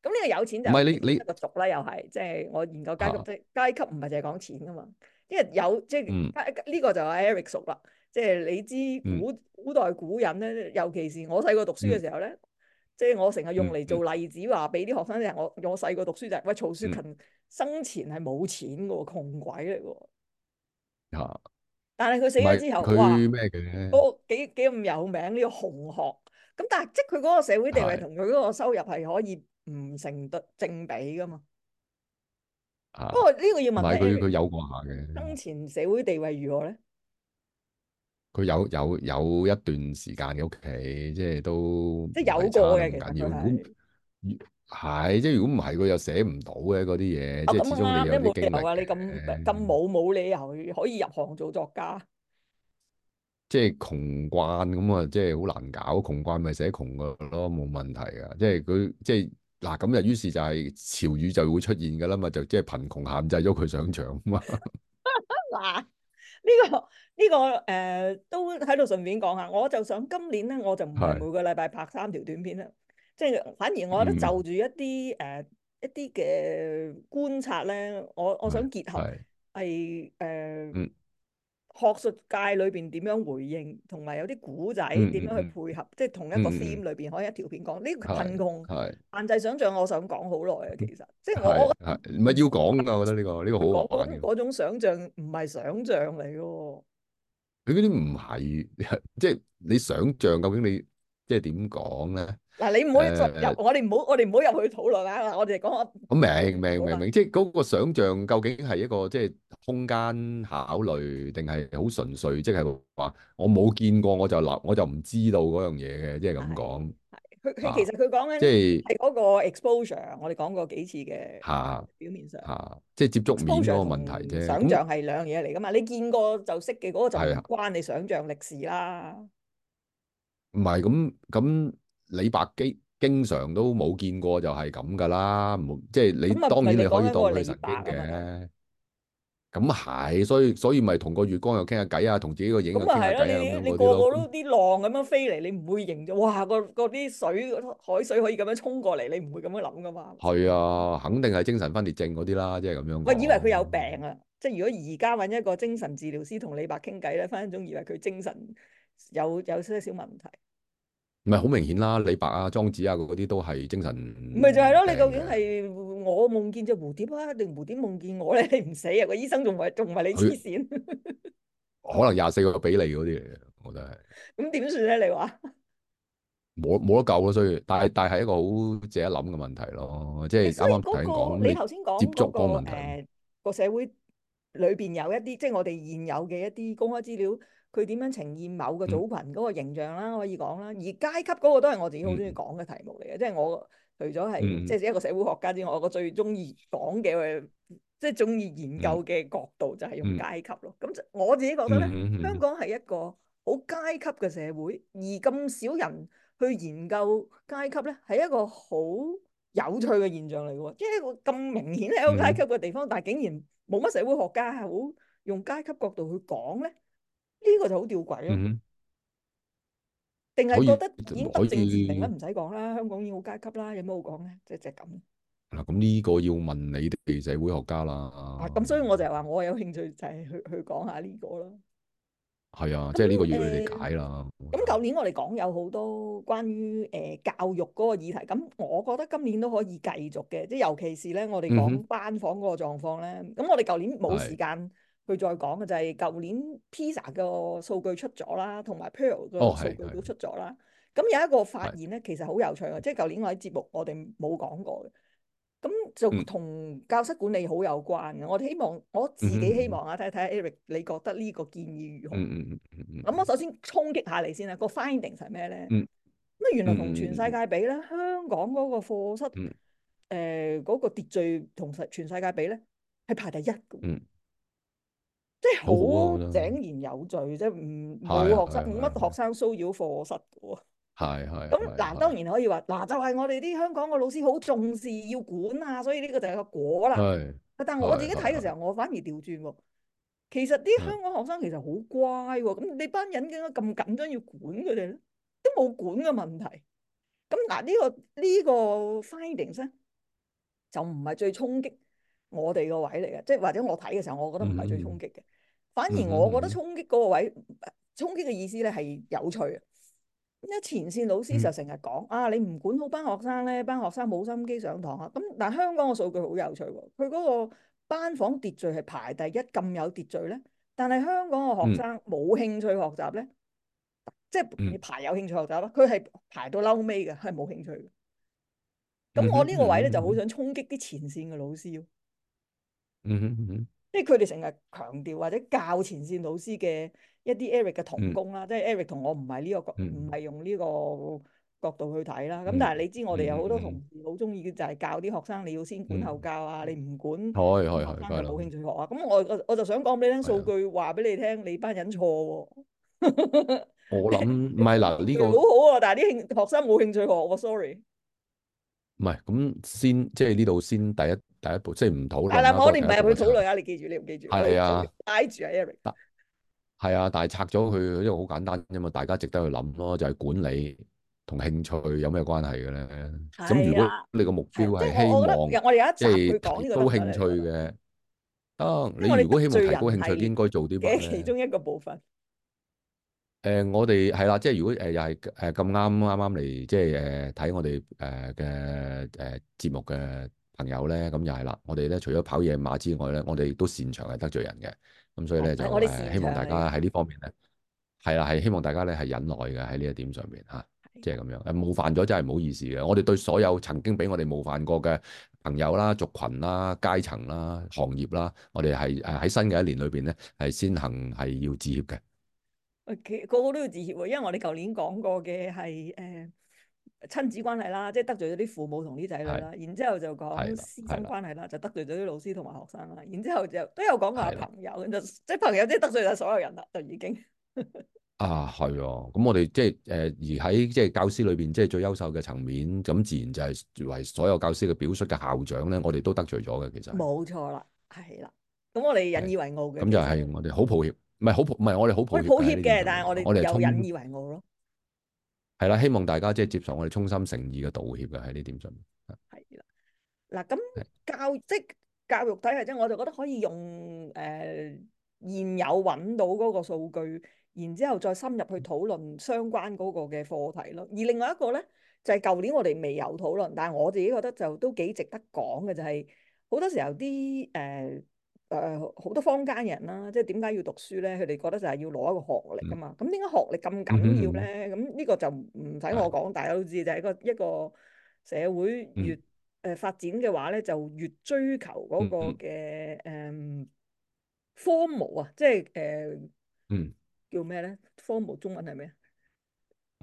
咁呢個有錢就唔係是是你你熟啦，又係即係我研究階級階你級唔係淨係講錢噶嘛，因為有即係呢個就阿 Eric 熟啦，即、就、係、是、你知古古代古人咧，尤其是我細個讀書嘅時候咧。嗯即係我成日用嚟做例子，話俾啲學生啲人，我我細個讀書就係、係、喂曹雪芹、嗯、生前係冇錢喎，窮鬼嚟嘅喎。啊、但係佢死咗之後，哇！咩嘅？個幾幾咁有名呢、呢個紅學？咁但係即係佢嗰個社會地位同佢嗰個收入係可以唔成對正比嘅嘛？啊、不過呢個要問佢，佢有過下嘅。生前社會地位如何咧？佢有有有一段時間嘅屋企，即係都即係有過嘅，其實唔緊要。如果係、啊、即係如果唔係佢又寫唔到嘅嗰啲嘢。即哦始終，你有冇理由話、啊、你咁咁冇冇理由可以入行做作家。即係窮慣咁啊，即係好難搞。窮慣咪寫窮噶咯，冇問題噶。即係佢即係嗱咁，就、啊、於是就係潮語就會出現噶啦嘛，就即係貧窮限制咗佢上場嘛。嗱。 呢、這個呢、這個誒、呃，都喺度順便講下，我就想今年咧，我就唔係每個禮拜拍三條短片啦。是即係反而我覺得就住一啲誒、嗯、呃、一啲嘅觀察咧，我我想結合係誒。學術界裏邊點樣回應，同埋有啲古仔點樣去配合，即係同一個 theme 裏邊可以一條片講呢個貧窮、限制想象。我想講好耐啊，其實即係我唔係要講噶，我覺得呢個呢個好好緊要。嗰種想象唔係想象嚟嘅，佢嗰啲唔係，即係你想象究竟你即係點講咧？嗱，你唔好入，我哋唔好，我哋唔好入去討論啊！我哋講咁明明明明，即係嗰個想象究竟係一個即係空間考慮，定係好純粹，即係話我冇見過，我就立，我就唔知道嗰樣嘢嘅，即係咁講。係佢佢其實佢講嘅，即係係嗰個 exposure，我哋講過幾次嘅。吓表面上吓，即係接觸面嗰個問題啫。想象係兩樣嘢嚟噶嘛？你見過就識嘅，嗰個就係關你想象力事啦。唔係咁咁。李白基經常都冇見過就係咁㗎啦，即係你當然你可以當佢神經嘅。咁係，所以所以咪同個月光又傾下偈啊，同自己個影又傾下偈啊。你你個個都啲、嗯、浪咁樣飛嚟，你唔會認啫。哇，嗰啲、嗰個、水海水可以咁樣衝過嚟，你唔會咁樣諗噶嘛？係啊，肯定係精神分裂症嗰啲啦，即係咁樣。喂，以為佢有病啊？即係如果而家揾一個精神治療師同李白傾偈咧，分分鐘以為佢精神有有些少問題。唔係好明顯啦，李白啊、莊子啊嗰啲都係精神。唔係就係咯，嗯、你究竟係我夢見隻蝴蝶啊，定蝴蝶夢見我咧？你唔死啊？個醫生仲唔仲唔係你黐線？他 可能廿四個畀你嗰啲嚟嘅，我覺得係。咁點算咧？你話？冇冇得救咯，所以但係但係一個好自己諗嘅問題咯，即係啱啱講，你頭先講接觸嗰、嗰個誒、嗰個、呃、社會裏邊有一啲，即、就、係、是、我哋現有嘅一啲公開資料。佢點樣呈現某個組群嗰個形象啦？可以講啦。而階級嗰個都係我自己好中意講嘅題目嚟嘅，嗯、即係我除咗係、嗯、即係一個社會學家之外，我最中意講嘅即係中意研究嘅角度就係用階級咯。咁、嗯、我自己覺得咧，嗯嗯嗯、香港係一個好階級嘅社會，而咁少人去研究階級咧，係一個好有趣嘅現象嚟嘅喎。即係一個咁明顯係有階級嘅地方，嗯、但係竟然冇乜社會學家係好用階級角度去講咧。呢個就好吊詭咯，定係覺得已經得正時定啦，唔使講啦，香港已經好階級啦，有咩好講咧？即係就係咁。嗱，咁呢個要問你哋社會學家啦。咁所以我就係話，我有興趣就係去去講下呢個咯。係啊，即係呢個要你哋解啦。咁舊年我哋講有好多關於誒教育嗰個議題，咁我覺得今年都可以繼續嘅，即係尤其是咧，我哋講班房嗰個狀況咧，咁我哋舊年冇時間。佢再講嘅就係、是、舊年 Pizza 嘅數據出咗啦，同埋 Pearl 嘅數據都出咗啦。咁有一個發現咧，其實好有趣嘅，的即係舊年我喺節目我哋冇講過嘅。咁就同教室管理好有關嘅。嗯、我哋希望我自己希望啊，睇睇 Eric，你覺得呢個建議如何？咁、嗯、我首先衝擊下你先啦。個 finding 係咩咧？咁啊、嗯，原來同全世界比咧，香港嗰個課室誒嗰、嗯呃嗰個秩序同世全世界比咧，係排第一。嗯即係好井然有序，即係唔冇學生冇乜學生騷擾課室嘅喎。係係。咁嗱，當然可以話嗱，就係我哋啲香港嘅老師好重視要管啊，所以呢個就係個果啦。係。但係我自己睇嘅時候，我反而調轉喎。其實啲香港學生其實好乖喎，咁你班人點解咁緊張要管佢哋咧？都冇管嘅問題。咁嗱，呢個呢個 finding 咧，就唔係最衝擊我哋個位嚟嘅，即係或者我睇嘅時候，我覺得唔係最衝擊嘅。反而我覺得衝擊嗰個位，衝擊嘅意思咧係有趣。因為前線老師就成日講：嗯、啊，你唔管好班學生咧，班學生冇心機上堂啊。咁但係，香港嘅數據好有趣喎，佢嗰個班房秩序係排第一咁有秩序咧，但係香港嘅學生冇興趣學習咧，嗯、即係排有興趣學習啦。佢係排到嬲尾嘅，係冇興趣嘅。咁我呢個位咧就好想衝擊啲前線嘅老師。嗯嗯嗯。嗯嗯嗯嗯即係佢哋成日強調或者教前線老師嘅一啲 Eric 嘅同工啦，嗯、即係 Eric 同我唔係呢個角度唔係，嗯、用呢個角度去睇啦。咁、嗯、但係你知我哋有好多同事好中意，嘅就係教啲學生你要先管後教啊，嗯、你唔管，班人冇興趣學啊。咁我我我就想講俾你聽，數據話俾你聽，嗯、你班人錯喎。 我諗唔係，嗱呢個好好啊，但係啲興學生冇興趣學我 sorry 唔係咁先，即係呢度先第一第一步，即係唔討論。係啦的，我哋唔係去討論啊，的你記住，你唔記住。係的啊，挨住啊，Eric。得係啊，但係拆咗佢，因為好簡單啫嘛，大家值得去諗咯，就係、是、管理同興趣有咩關係嘅咧？咁的如果你個目標係希望，即我哋有一集講呢、這個嘅，啊，的你如果希望提高興趣，應該做啲乜嘢？其中一個部分。誒、呃，我哋係啦，即係如果誒、呃、又係誒咁啱啱啱嚟，即係誒睇我哋誒嘅誒節目嘅朋友咧，咁、嗯、又係啦。我哋咧除咗跑野馬之外咧，我哋亦都擅長係得罪人嘅，咁所以咧就希望大家喺呢方面咧係啦係希望大家咧係忍耐嘅喺呢一點上邊吓、啊，即係咁樣冒犯咗真係唔好意思嘅。我哋對所有曾經俾我哋冒犯過嘅朋友啦、族群啦、階層啦、啦、行業啦，我哋係誒喺新嘅一年裏邊咧係先行係要致歉嘅。誒，其、okay, 個個都要自揭喎，因為我哋舊年講過嘅係誒親子關係啦，即係得罪咗啲父母同啲仔女啦，的然之後就講師生關係啦，的就得罪咗啲老師同埋學生啦，的然之後就都有講過朋友，的就即係朋友即係得罪晒所有人啦就已經。 啊，係哦，咁我哋即係誒而喺即係教師裏邊即係最優秀嘅層面，咁自然就係為所有教師嘅表率嘅校長咧，我哋都得罪咗嘅其實。冇錯啦，係啦，咁我哋引以為傲嘅。咁就係我哋好抱歉。唔係好唔係，我哋好抱歉嘅，但係我哋有引以為傲咯。係啦，希望大家即係接受我哋衷心誠意嘅道歉嘅喺呢點上面。係啦，嗱咁教即係教育體系，即係我就覺得可以用誒現有揾到嗰個數據，然之後再深入去討論相關嗰個嘅課題咯。而另外一個咧，就係舊年我哋未有討論，但係我自己覺得就都幾值得講嘅，就係好多時候啲誒。誒好多坊間人啦，即係點解要讀書咧？佢哋覺得就係要攞一個學歷啊嘛。咁點解學歷咁緊要咧？咁呢個就唔使我講，大家都知，就係一個一個社會越誒發展嘅話咧，就越追求嗰個嘅誒 formal 啊，即係誒嗯叫咩咧？formal 中文係咩啊？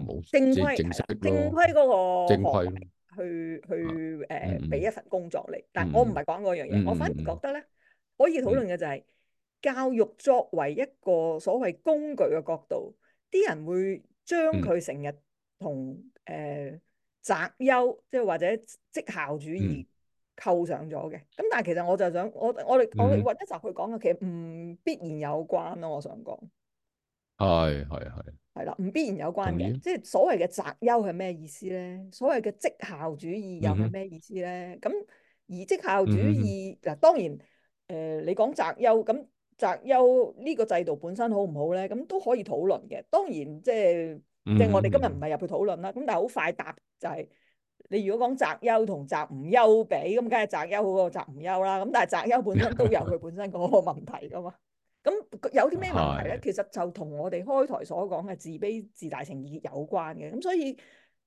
冇正規正規正規嗰個學歷去去去誒俾一份工作你，但係我唔係講嗰樣嘢，我反而覺得咧。可以討論嘅就係、是、教育作為一個所謂工具嘅角度，啲人會將佢成日同誒擇優，即係或者績效主義扣上咗嘅。咁但係其實我就想，我我哋我搵一集佢講嘅，其實唔必然有關咯。我想講係係係係啦，唔 必然有關嘅。意即係所謂嘅擇優係咩意思咧？所謂嘅績效主義又係咩意思咧？咁而績效主義嗱當然。誒，你講擇優咁擇優呢個制度本身好唔好咧？咁都可以討論嘅。當然即係即係我哋今日唔係入去討論啦。咁、mm hmm. 但係好快答就係、是、你如果講擇優同擇唔優比，咁梗係擇優好過擇唔優啦。咁但係擇優本身都有佢本身嗰個問題㗎嘛。咁 有啲咩問題咧？ 其實就同我哋開台所講嘅自卑自大情結有關嘅。咁所以誒、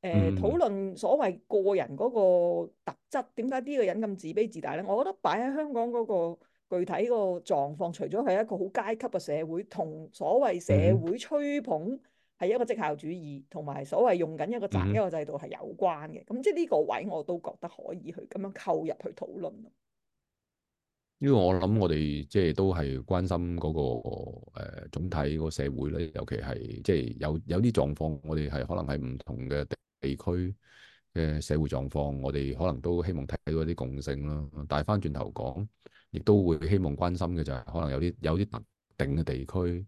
呃、討論所謂個人嗰個特質，點解呢個人咁自卑自大咧？我覺得擺喺香港嗰、那個。具體個狀況，除咗係一個好階級嘅社會，同所謂社會吹捧係一個績效主義，同埋所謂用緊一個賺一個制度係有關嘅。咁即係呢個位我都覺得可以去咁樣扣入去討論。因為我諗，我哋即係都係關心嗰個誒總體個社會咧，尤其係即係有有啲狀況，我哋係可能係唔同嘅地區嘅社會狀況，我哋可能都希望睇到一啲共性咯。但係翻轉頭講。亦都會希望關心嘅就係可能有啲有啲特定嘅地區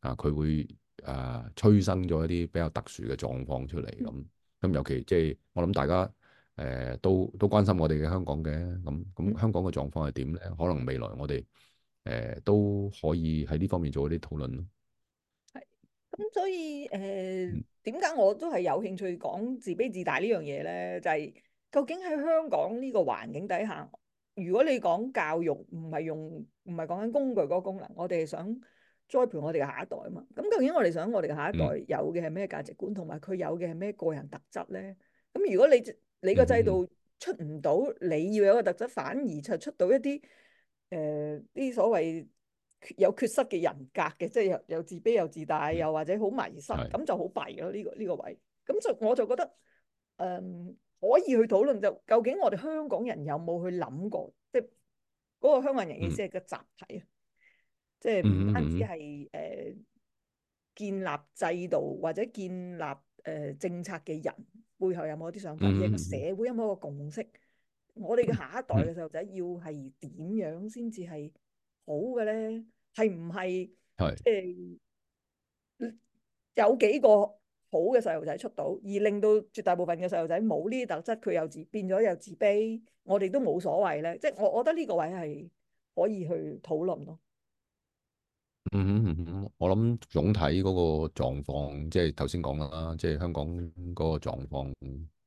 啊，佢會誒、啊、催生咗一啲比較特殊嘅狀況出嚟咁。咁、嗯、尤其即、就、係、是、我諗大家誒都、呃、都，都關心我哋嘅香港嘅。咁咁香港嘅狀況係點咧？可能未來我哋誒、呃、都可以喺呢方面做一啲討論咯。係咁，所以誒點解我都係有興趣講自卑自大呢樣嘢咧？就係、是、究竟喺香港呢個環境底下？如果你講教育唔係用唔係講緊工具嗰個功能，我哋係想栽培我哋嘅下一代啊嘛。咁究竟我哋想我哋嘅下一代有嘅係咩價值觀，同埋佢有嘅係咩個人特質咧？咁如果你你個制度出唔到你要有個特質，反而就出到一啲誒啲所謂有缺失嘅人格嘅，即係又又自卑又自大，又或者好迷失，咁、嗯、就好弊咯呢個呢、呢個位。咁就我就覺得誒。嗯可以去討論就究竟我哋香港人有冇去諗過，即係嗰個香港人意思係個集體啊，嗯、即係唔單止係誒建立制度或者建立誒、呃、政策嘅人背後有冇啲想法，或者個社會有冇一個共識？嗯、我哋嘅下一代嘅細路仔要係點樣先至係好嘅咧？係唔係即係有幾個？好嘅細路仔出到，而令到絕大部分嘅細路仔冇呢啲特質，佢又自變咗又自卑，我哋都冇所謂咧。即係我覺得呢個位係可以去討論咯、嗯。嗯嗯嗯，我諗總體嗰個狀況，即係頭先講啦，即係香港嗰個狀況，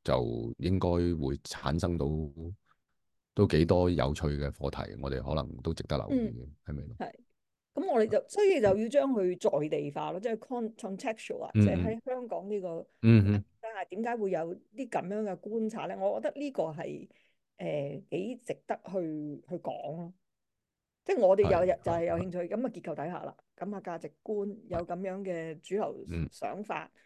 就應該會產生到都幾多有趣嘅課題，我哋可能都值得留意嘅係咪咯。嗯係咁我哋就，所以就要將佢在地化咯，即係 con, contextual，即係喺香港呢個底下點解會有啲咁樣嘅觀察咧？我覺得呢個係誒幾值得去去講咯。即係我哋有有就係有興趣咁嘅、mm hmm. 結構底下啦，咁嘅價值觀有咁樣嘅主流想法、mm hmm.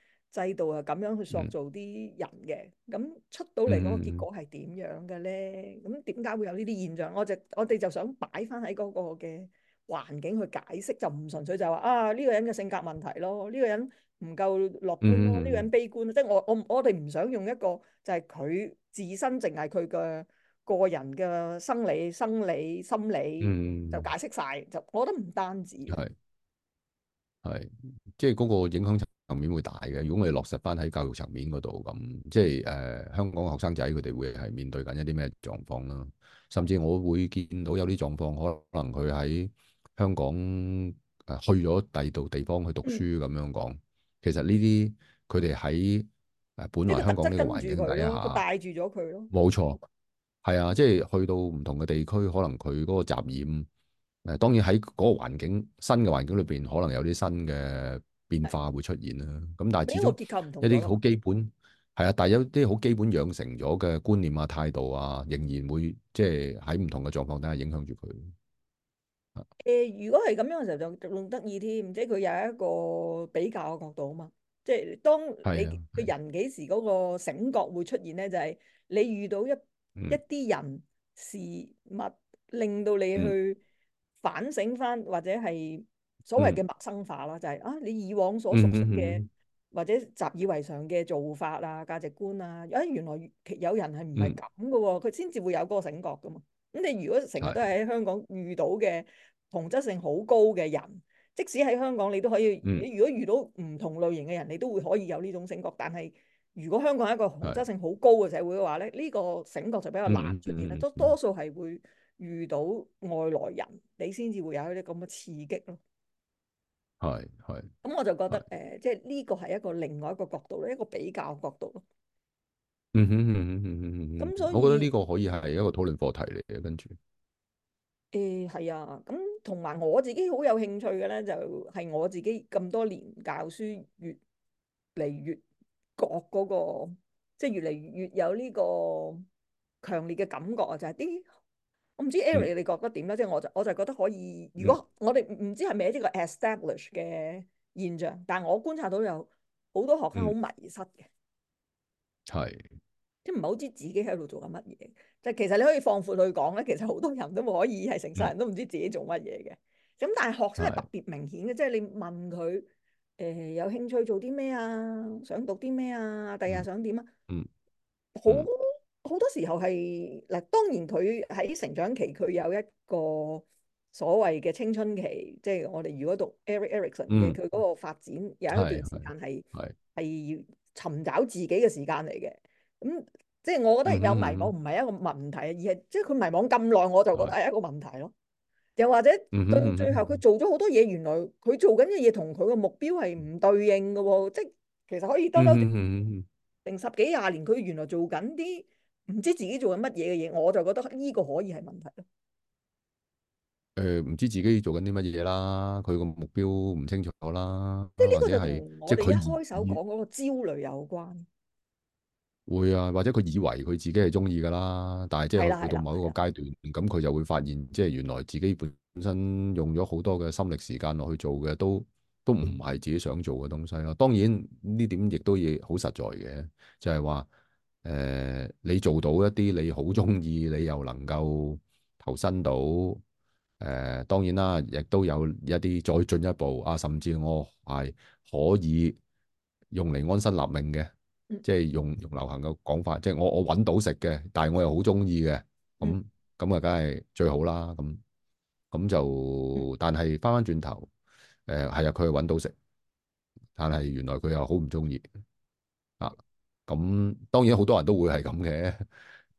制度啊，咁樣去塑造啲人嘅，咁出到嚟嗰個結果係點樣嘅咧？咁點解會有呢啲現象？我就我哋就想擺翻喺嗰個嘅環境去解釋就唔純粹就係話啊呢個人嘅性格問題咯，呢個人唔夠樂觀咯，呢、嗯、個人悲觀，即係我我我哋唔想用一個就係佢自身淨係佢嘅個人嘅生理、生理、心理、嗯、就解釋晒，就我覺得唔單止係係即係嗰個影響層面會大嘅。如果我哋落實翻喺教育層面嗰度咁，即係誒香港學生仔佢哋會係面對緊一啲咩狀況啦？甚至我會見到有啲狀況，可能佢喺香港誒去咗第二度地方去讀書咁、嗯、樣講，其實呢啲佢哋喺誒本來香港呢個環境底下帶住咗佢咯，冇錯，係啊，即、就、係、是、去到唔同嘅地區，可能佢嗰個習染誒、啊，當然喺嗰個環境新嘅環境裏邊，可能有啲新嘅變化會出現啦。咁的但係始終一啲好基本係啊，但係有啲好基本養成咗嘅觀念啊、態度啊，仍然會即係喺唔同嘅狀況底下影響住佢。誒、呃，如果係咁樣嘅時候就仲得意添，即係佢有一個比較嘅角度啊嘛。即係當你個、啊啊、人幾時嗰個醒覺會出現咧，就係、是、你遇到一、嗯、一啲人事物，令到你去反省翻，或者係所謂嘅陌生化啦，嗯、就係啊，你以往所熟悉嘅或者習以為常嘅做法啊、價值觀啊，哎、啊，原來有人係唔係咁嘅喎，佢先至會有嗰個醒覺噶嘛。咁你如果成日都喺香港遇到嘅同質性好高嘅人，是即使喺香港你都可以，嗯、你如果遇到唔同類型嘅人，你都會可以有呢種醒覺。但係如果香港係一個同質性好高嘅社會嘅話咧，呢是個醒覺就比較難出面現啦。嗯嗯嗯、多多數係會遇到外來人，你先至會有一啲咁嘅刺激咯。係係。咁我就覺得誒，即係呢個係一個另外一個角度咧，一個比較角度。嗯咁 所以我覺得呢個可以係一個討論課題嚟嘅。跟住，誒係、欸、啊，咁同埋我自己好有興趣嘅咧，就係、是、我自己咁多年教書，越嚟越覺嗰、那個，即、就、係、是、越嚟越有呢個強烈嘅感覺啊！就係、是、啲我唔知 Eric 你覺得點咧？即係我就我就覺得可以，如果我哋唔知係咪呢個 establish 嘅現象，嗯、但係我觀察到有好多學生好迷失嘅，係、嗯。即唔係好知自己喺度做緊乜嘢，就其實你可以放寬去講咧，其實好多人都冇可以係成世人都唔知自己做乜嘢嘅。咁但係學生係特別明顯嘅，是即係你問佢誒、呃、有興趣做啲咩啊？想讀啲咩啊？第日想點啊？嗯，好好多時候係嗱，當然佢喺成長期，佢有一個所謂嘅青春期。即、就、係、是、我哋如果讀 Eric Erikson，佢嗰、嗯、個發展有一段時間係係要尋找自己嘅時間嚟嘅。咁即係我覺得有迷惘唔係一個問題，mm hmm. 而係即係佢迷惘咁耐，我就覺得係一個問題咯。 又或者到最後佢做咗好多嘢，原來佢做緊嘅嘢同佢個目標係唔對應㗎喎。即係其實可以兜兜定十幾廿年，佢原來做緊啲唔知自己做緊乜嘢嘅嘢，我就覺得呢個可以係問題咯。誒、呃，唔知自己做緊啲乜嘢啦，佢個目標唔清楚啦，即係呢個就同我哋一開手講嗰個焦慮有關。會啊，或者佢以為佢自己係中意噶啦，但係即係去到某一個階段，咁佢就會發現，即係原來自己本身用咗好多嘅心力時間落去做嘅，都都唔係自己想做嘅東西咯。當然呢點亦都要好實在嘅，就係話誒，你做到一啲你好中意，你又能夠投身到誒、呃，當然啦，亦都有一啲再進一步啊，甚至我係可以用嚟安身立命嘅。即係用用流行嘅講法，即係我我揾到食嘅，但係我又好中意嘅，咁咁、嗯呃、啊，梗係最好啦，咁咁就，但係翻翻轉頭，誒係啊，佢係揾到食，但係原來佢又好唔中意啊，咁當然好多人都會係咁嘅，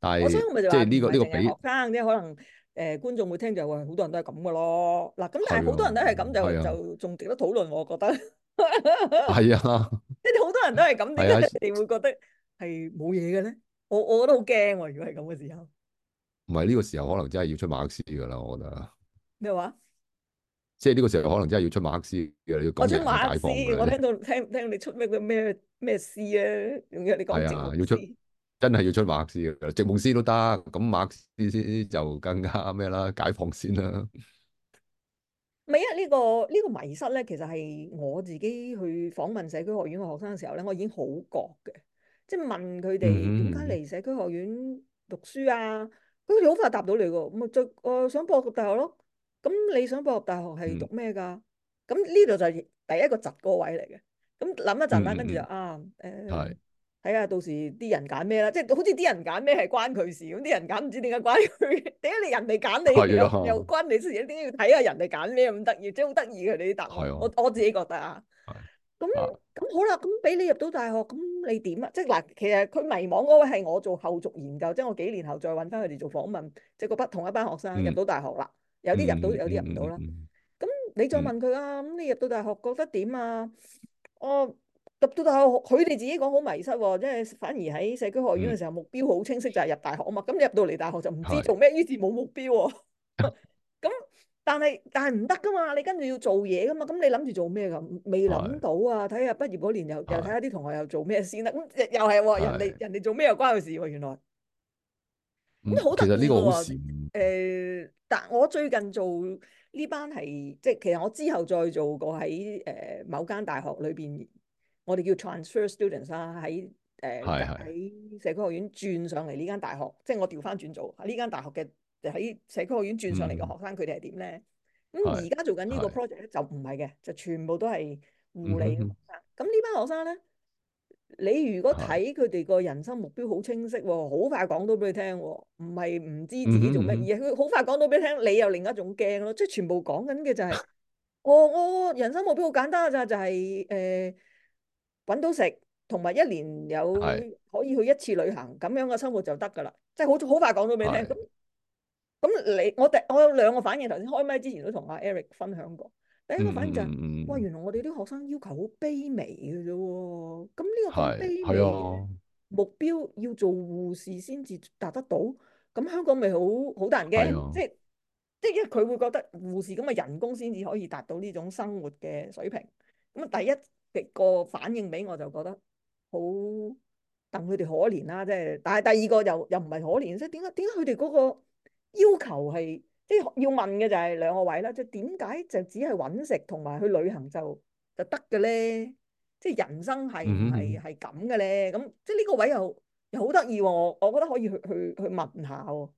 但係即係呢個呢、呢個比學生啫，可能誒、呃、觀眾會聽就話好多人都係咁嘅咯，嗱咁，但係好多人都係咁的就的就仲值得討論，我覺得係啊。 你哋好多人都係咁，點解的你會覺得係冇嘢嘅咧？我我覺得好驚喎！如果係咁嘅時候，唔係呢個時候可能真係要出馬克思㗎啦，我覺得。咩話麼？即係呢個時候可能真係要出馬克思嘅要講解放嘅。我聽到、就是、聽唔你出咩咩咩詩咧？點解、啊、你講政治？啊，要出真係要出馬克思嘅，席夢詩都得，咁馬克思就更加咩啦，解放先啦。唔係啊！呢、這個呢、這個迷失咧，其實係我自己去訪問社區學院嘅學生嘅時候咧，我已經好覺嘅，即係問佢哋點解嚟社區學院讀書啊？佢哋好快答到你噶，咁啊最啊想博讀大學咯。咁你想博讀大學係讀咩噶？咁呢度就係第一個窒個位嚟嘅。咁諗一陣間，跟住就啱誒。嗯啊呃睇下到時啲人揀咩啦，即係好似啲人揀咩係關佢事，咁啲人揀唔知點解關佢？點解你人哋揀你又又關你事？點解要睇下人哋揀咩咁得意？即係好得意嘅啲答案。的我我自己覺得啊，咁咁好啦，咁俾你入到大學，咁你點啊？即係嗱，其實佢迷茫嗰位係我做後續研究，即係我幾年後再揾翻佢哋做訪問，即係個不同一班學生入到大學啦，嗯、有啲入到，有啲入唔到啦。咁、嗯嗯嗯嗯、你再問佢啊，咁你入到大學覺得點啊？我。入到大學，佢哋自己講好迷失喎、哦，即係反而喺社區學院嘅時候目標好清晰，嗯、就係入大學啊嘛。咁入到嚟大學就唔知做咩，是於是冇目標喎、哦。咁 但係但係唔得噶嘛，你跟住要做嘢噶嘛。咁你諗住做咩咁？未諗到啊！睇下是畢業嗰年又是又睇下啲同學又做咩先啦、啊。咁又係喎、哦是，人哋人哋做咩又關佢事喎？原來咁、嗯哦、好特別喎。誒，但我最近做呢班係即係其實我之後再做過喺誒某間大學裏邊。我哋叫 transfer students 啦、啊，喺誒喺社區學院轉上嚟呢間大學，即係我調翻轉做呢間大學嘅喺社區學院轉上嚟嘅學生，佢哋係點咧？咁而家做緊呢個 project 咧，就唔係嘅，就全部都係護理學生。咁呢、嗯、班學生咧，你如果睇佢哋個人生目標好清晰，好是快講到俾佢聽，唔係唔知自己做乜嘢，佢好、嗯嗯、快講到俾你聽。你又另一種驚咯，即、就、係、是、全部講緊嘅就係、是，我、哦、我、哦哦、人生目標好簡單咋，就就係誒。呃搵到食，同埋一年有可以去一次旅行咁是樣嘅生活就得噶啦，即係好好快講到俾你聽。咁咁是你我哋我有兩個反應，頭先開麥之前都同阿 Eric 分享過。第一個反應就係、是，嗯、哇，原來我哋啲學生要求好卑微嘅啫喎。咁呢個卑微、啊、目標要做護士先至達得到，咁香港咪好好驚嘅，即係即係因為佢會覺得護士咁嘅人工先至可以達到呢種生活嘅水平。咁啊第一，個反應俾我就覺得好戥佢哋可憐啦，即係，但係第二個又又唔係可憐，即係點解點解佢哋嗰個要求係即係要問嘅就係兩個位啦，即係點解就只係搵食同埋去旅行就就得嘅咧？即係人生係係係咁嘅咧？咁即係呢個位又又好得意，我我覺得可以去去去問下哦。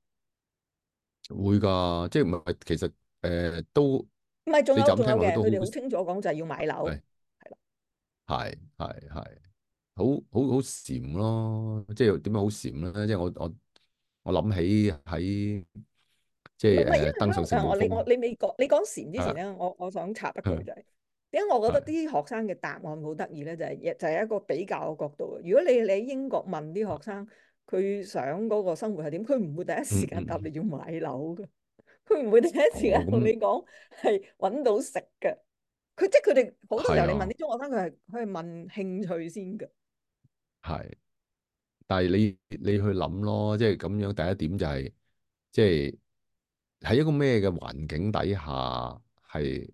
會噶，即係唔係？其實誒都唔係，仲有嘅，佢哋好清楚講就係要買樓。係係係，好好好禪咯，即係點樣好禪咧？即係我我我諗起喺即係。唔係因，因為我你未講你講禪之前咧，的我我想插一句就係點解我覺得啲學生嘅答案好得意咧？就係、是、就係、是、一個比較嘅角度。如果你你喺英國問啲學生佢的想嗰個生活係點，佢唔會第一時間答你要買樓嘅，佢唔會第一時間同你講係揾到食嘅。嗯嗯嗯。佢即係佢哋好多時候，你問啲中學生，佢係佢係問興趣先㗎。係，但係你你去諗咯，即係咁樣。第一點就係、是，即係喺一個咩嘅環境底下，係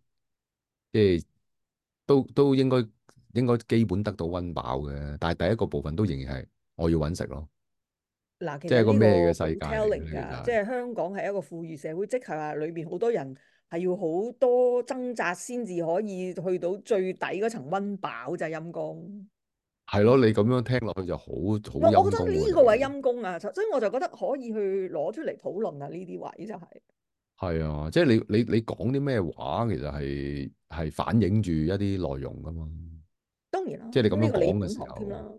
即係都都應該應該基本得到温飽嘅。但係第一個部分都仍然係我要揾食咯。嗱，即係一個咩嘅世界嚟㗎？即係香港係一個富裕社會，即係話裏面好多人。係要好多掙扎先至可以去到最底嗰層温飽，就係陰公，係咯？你咁樣聽落去就好好陰公。我覺得呢個位陰公啊，所以我就覺得可以去攞出嚟討論啊！呢啲位就係係啊，即係你你你講啲咩話，其實係係反映住一啲內容㗎嘛。當然啦，即係你咁樣講嘅時候，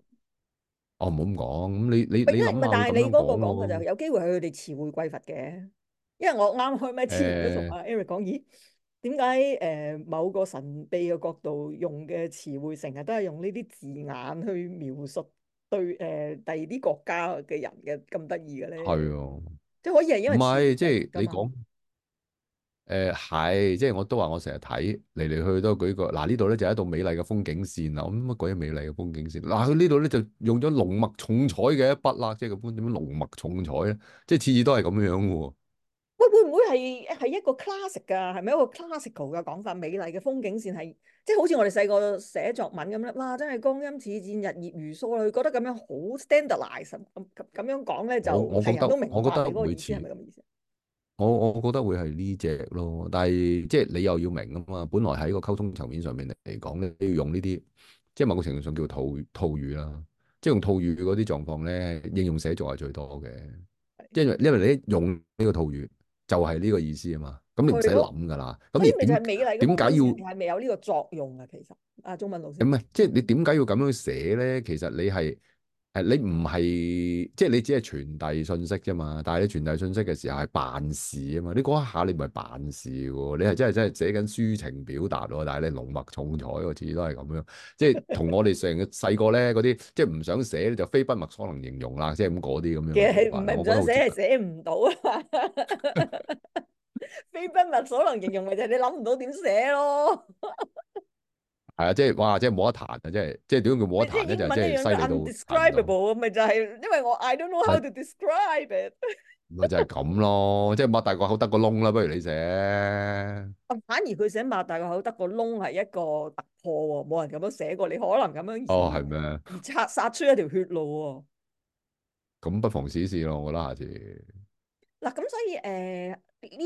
我唔好咁講。咁你你你但係你嗰個講嘅就有機會佢哋詞彙匱乏嘅。因為我啱開咪之前都同阿 Eric 講，咦？點解誒某個神秘嘅角度用嘅詞彙成日都係用呢啲字眼去描述對誒第二啲國家嘅人嘅，咁得意嘅咧？係哦，即係可以係因為唔係即係你講誒係即係我都話我成日睇嚟嚟去去，都舉個嗱，呢度咧就係一道美麗嘅風景線啊，咁乜鬼嘢美麗嘅風景線嗱？佢呢度咧就用咗濃墨重彩嘅一筆啦。即係般點樣濃墨重彩咧？即係次次都係咁樣嘅。會唔會係係一個 classic 㗎？係咪一個 classical 嘅講法？美麗嘅風景線係即係好似我哋細個寫作文咁啦，真係光陰似箭，日月如梭。佢覺得咁樣好 standardize 咁咁樣講咧，就大家都明我覺,我覺得會似係咪咁意思？我我覺得會係呢隻咯，但係即係你又要明啊嘛。本來喺個溝通層面上面嚟講咧，都要用呢啲即係某個程度上叫套套語啦。即係用套語嗰啲狀況咧，應用寫作係最多嘅。即係係嘅因為你用呢個套語。就係呢個意思啊嘛，咁你唔使諗噶啦。咁而點點解要？係未有呢個作用啊，其實啊，中文老師。唔係，即係你點解要咁樣寫咧？其實你係。誒，你唔係即係你只係傳遞信息啫嘛，但係你傳遞信息嘅時候係辦事啊嘛，你嗰一下你唔係辦事喎，你係真係真係寫緊抒情表達喎，但係你濃墨重彩嗰次都係咁樣，即係同我哋成日細個咧嗰啲，即係唔想寫咧就非筆墨所能形容啦，即係咁嗰啲咁樣。其實唔係唔想寫，係寫唔到啊， 非筆墨所能形容咪就係你諗唔到點寫咯。 係啊， 即係哇，即係冇得彈啊，即係即係點講叫冇得彈咧，即就、嗯、即係犀利到。describable 嘅，咪就係因為我 I don't know how to describe it。咪就係咁咯，即係擘大個口得個窿啦，不如你寫。反而佢寫擘大個口得個窿係一個突破喎，冇人咁樣寫過，你可能咁樣哦，係咩？而拆殺出一條血路喎。咁不妨試試咯，我覺得下次。嗱、啊，咁所以誒呢、呃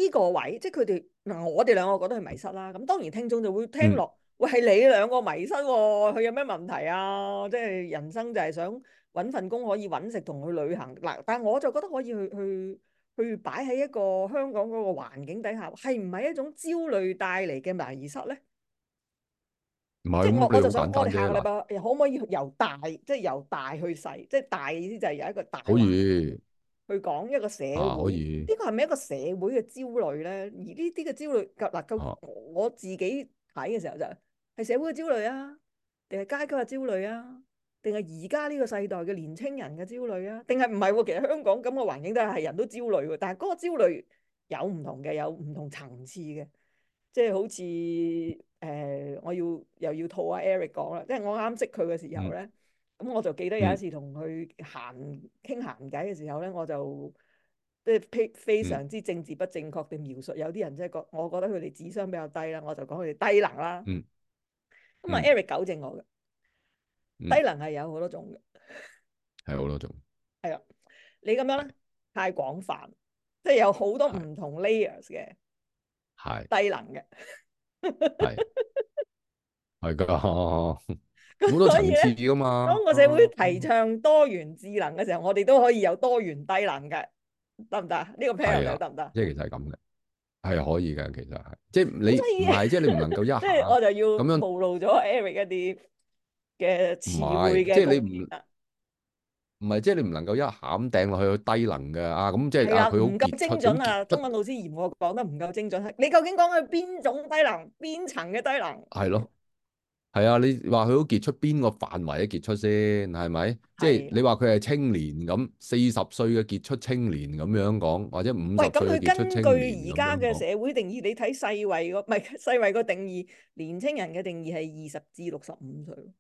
這個位，即係佢哋嗱，我哋兩個覺得係迷失啦。咁當然聽眾就會聽落、嗯。喂，係你兩個迷失喎、哦？佢有咩問題啊？即係人生就係想揾份工可以揾食，同去旅行嗱。但係我就覺得可以去去去擺喺一個香港嗰個環境底下，係唔係一種焦慮帶嚟嘅迷失咧？是即係是我我就想我哋下個禮拜，可唔可以由大即係、就是、由大去細？即、就、係、是、大意思就係由一個大可以去講一個社會，呢個係咪一個社會嘅焦慮咧？而呢啲嘅焦慮嗱，咁、啊啊、我自己睇嘅時候就。係社會嘅焦慮啊，定係階級嘅焦慮啊，定係而家呢個世代嘅年青人嘅焦慮啊？定係唔係喎？其實香港咁嘅環境都係人都焦慮喎，但係嗰個焦慮有唔同嘅，有唔同層次嘅。即係好似誒、呃，我要又要套阿 Eric 講啦，即係我啱識佢嘅時候咧，咁、嗯、我就記得有一次同佢閒傾閒偈嘅時候咧，我就即係非常之政治不正確嘅描述、嗯、有啲人即係覺，我覺得佢哋智商比較低啦，我就講佢哋低能啦。嗯咁啊，Eric 糾正我嘅、嗯、低能係有好多種嘅，係好多種，係啊，你咁樣咧太廣泛，的即係有好多唔同 layers 嘅，係低能嘅，係，係噶，咁所以咧，當個社會提倡多元智能嘅時候，嗯、我哋都可以有多元低能嘅，得唔得？呢、這個 pair 有得唔得？即係其實係咁嘅。係可以嘅，其實係即係你唔係即係你唔能夠一下，我就要咁樣暴露咗 Eric 一啲嘅詞彙嘅。即係你唔唔係即係你唔能夠一下咁掟落去低能嘅啊！咁即係啊，佢唔夠精準啊，中文老師嫌我講得唔夠精準。你究竟講佢邊種低能、邊層嘅低能？係咯。係啊，你話佢好傑出，邊個範圍嘅、啊、傑出先，係咪？即係你話佢係青年咁，四十歲嘅傑出青年咁樣講，或者五十歲傑出青年咁講。喂，咁佢根據而家嘅社會定義，你睇世衞個，唔係世衞個定義，年青人嘅定義係二十至六十五歲。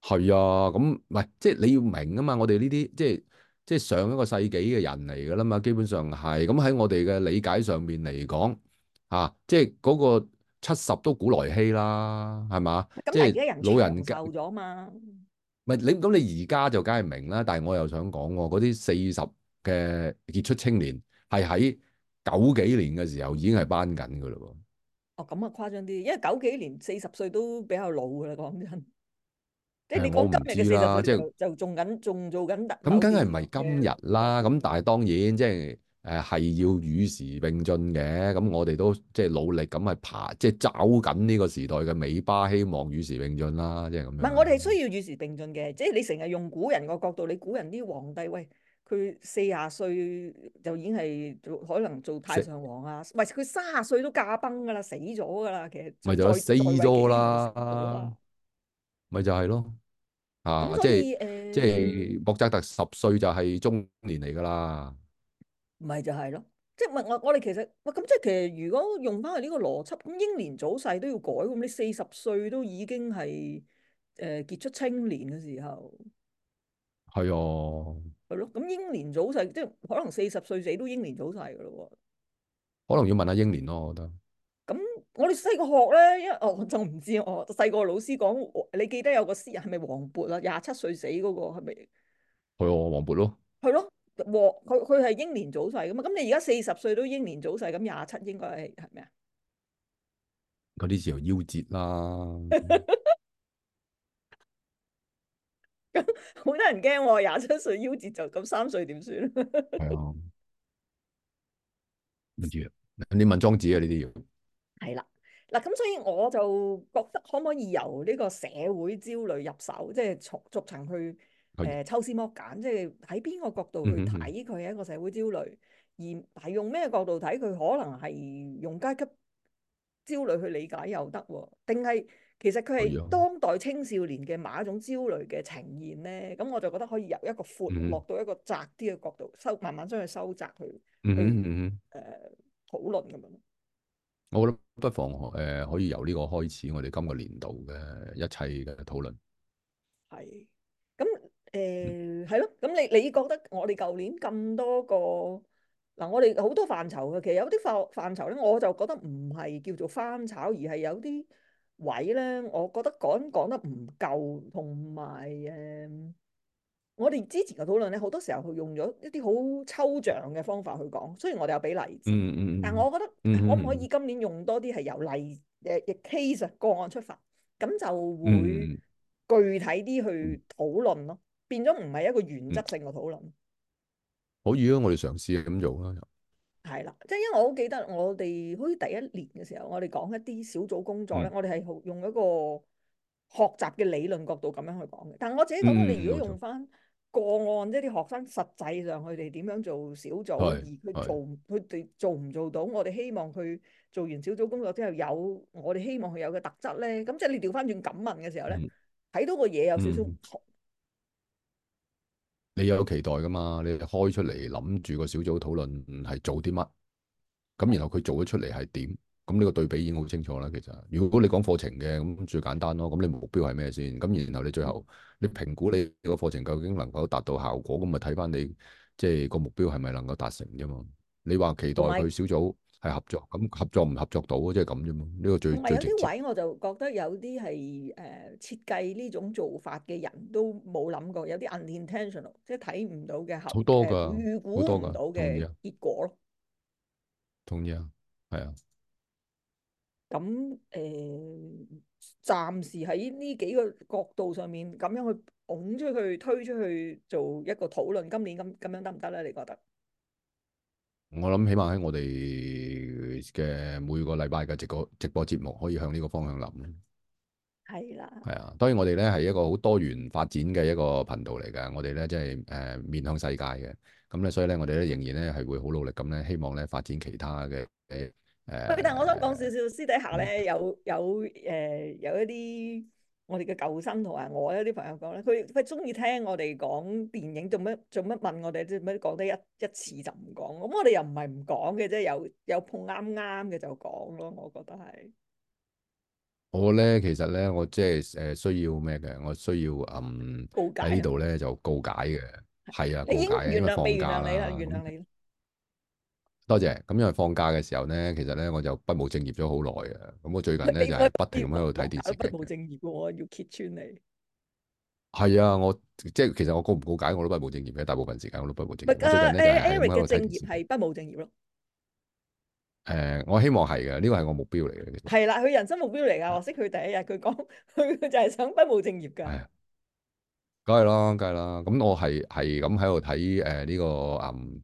係啊，咁、嗯、喂，即係你要明啊嘛，我哋呢啲即係即係上一個世紀嘅人嚟噶啦嘛，基本上係咁喺我哋嘅理解上面嚟講，啊，即係、那、嗰個。七十都古來稀啦，係人嘛？即係老人長壽咗嘛？唔係你咁，你而家就梗係明啦。但係我又想講喎，嗰啲四十嘅傑出青年係喺九幾年嘅時候已經係頒緊嘅嘞喎。哦，咁啊，誇張啲，因為九幾年四十歲都比較老嘅啦，講真。即係你講今日嘅四十歲就就仲緊，仲做緊。咁梗係唔係今日啦？咁但係當然即係。嗯誒，係要與時並進嘅，咁我哋都即係努力咁去爬，即係找緊呢個時代嘅尾巴，希望與時並進啦，就是，即係咁樣。唔係，我哋需要與時並進嘅，即係你成日用古人個角度，你古人啲皇帝喂，佢四十歲就已經係做，可能做太上皇啊，唔係佢三十歲都駕崩噶啦，死咗噶啦，其實。咪就死咗啦，咪就係咯，啊，即係是，uh, 即係莫扎特十歲就係中年嚟噶啦。唔係就係咯，即係唔係我我哋其實，咁、嗯、即係其實如果用翻去呢個邏輯，咁英年早逝都要改，咁你四十歲都已經係誒、呃、傑出青年嘅時候，係啊、哦，係咯，咁英年早逝即係可能四十歲死都英年早逝噶咯，可能要問下英年咯，我覺得。咁我哋細個學咧，因為我就唔知，我細個老師講，你記得有個詩人係咪王勃啊？廿七歲死嗰、那個係咪？係啊、哦，王勃咯。係咯。佢佢係英年早逝噶嘛？咁你而家四十歲都英年早逝，咁廿七應該係係咩啊？嗰啲時候夭折啦。咁 好多人驚廿七歲夭折就咁，三歲點算？唔 知啊？咁你問莊子啊？呢啲要係啦。嗱咁、啊，所以我就覺得可唔可以由呢個社會焦慮入手，即係從逐層去。誒，嗯、抽絲剝繭，即係喺邊個角度去睇佢係一個社會焦慮，嗯嗯、而但係用咩角度睇佢，可能係用階級焦慮去理解又得喎，定係其實佢係當代青少年嘅某一種焦慮嘅呈現咧？咁我就覺得可以由一個闊落到一個窄啲嘅角度、嗯、收，慢慢將佢收窄去，誒、嗯嗯嗯呃、討論咁樣。我覺得不妨誒、呃、可以由呢個開始，我哋今個年度嘅一切嘅討論。係。誒，係咯、uh，咁你你覺得我哋舊年咁多個嗱、啊，我哋好多範疇嘅，其實有啲範範疇咧，我就覺得唔係叫做翻炒，而係有啲位咧，我覺得講講得唔夠，同埋誒，我哋之前嘅討論咧，好多時候佢用咗一啲好抽象嘅方法去講，雖然我哋有俾例子，mm hmm. 但我覺得可唔可以今年用多啲係由例誒，亦 case 個案出發，咁就會具體啲去討論咯。Mm hmm. 變咗唔係一個原則性嘅討論，可以啊！我哋嘗試係咁做啦。係啦，即係因為我好記得我哋好似第一年嘅時候，我哋講一啲小組工作咧，嗯、我哋係用一個學習嘅理論角度咁樣去講嘅。但係我自己講，我哋如果用翻個案，嗯、即係啲學生實際上佢哋點樣做小組，的而佢做佢哋的做唔做到，我哋希望佢做完小組工作之後有我哋希望佢有嘅特質咧。咁即係你調翻轉咁問嘅時候咧，睇、嗯、到個嘢有少少、嗯。你有期待噶嘛？你開出嚟諗住個小組討論係做啲乜？咁然後佢做咗出嚟係點？咁呢個對比已經好清楚啦。其實，如果你講課程嘅，咁最簡單咯。咁你目標係咩先？咁然後你最後你評估你個課程究竟能夠達到效果，咁咪睇翻你即係、就是、個目標係咪能夠達成啫嘛？你話期待佢小組。係合作，咁合作唔合作到啊？即係咁啫嘛。呢個最最。唔係有啲位，我就覺得有啲係誒設計呢種做法嘅人都冇諗過，有啲 unintentional，即係睇唔到嘅合。好多噶。預估唔到嘅結果咯。同意啊，係啊。咁誒，暫時喺呢幾個角度上面咁樣去拱出去、推出去做一個討論，今年咁咁樣得唔得咧？你覺得？我諗起碼喺我哋嘅每個禮拜嘅直播直播節目，可以向呢個方向諗。係啦的。係啊，當然我哋咧係一個好多元發展嘅一個頻道嚟嘅，我哋咧即係誒面向世界嘅，咁咧所以咧我哋咧仍然咧係會好努力咁咧，希望咧發展其他嘅誒誒。的呃、但我想講少少私底下咧，有有誒、呃、有一啲。我哋嘅舊生同埋我有啲朋友講咧，佢佢中意聽我哋講電影，做乜做乜問我哋做乜講得一一次就唔講，咁我哋又唔係唔講嘅啫，有有碰啱啱嘅就講咯，我覺得係。我咧其實咧，我即係誒需要咩嘅？我需要嗯喺、啊、呢度咧就告解嘅，係啊，告解啊，原諒你啦，原諒你啦，原諒你。多謝，咁因為放假嘅時候咧，其實咧我就不務正業咗好耐啊。咁、嗯、我最近咧就不停咁喺度睇電視劇。不務正業喎，要揭穿你。係啊，我即係其實我告唔告解，我都不務正業嘅。大部分時間我都不務正業。但最近咧、欸、就 Eric 嘅正業係不務正業咯。誒、呃，我希望係嘅，呢個係我目標嚟嘅。係啦、啊，佢人生目標嚟噶。我識佢第一日，佢講佢就係想不務正業噶。梗係啦，梗係啦。咁我係係咁喺度睇誒呢個、嗯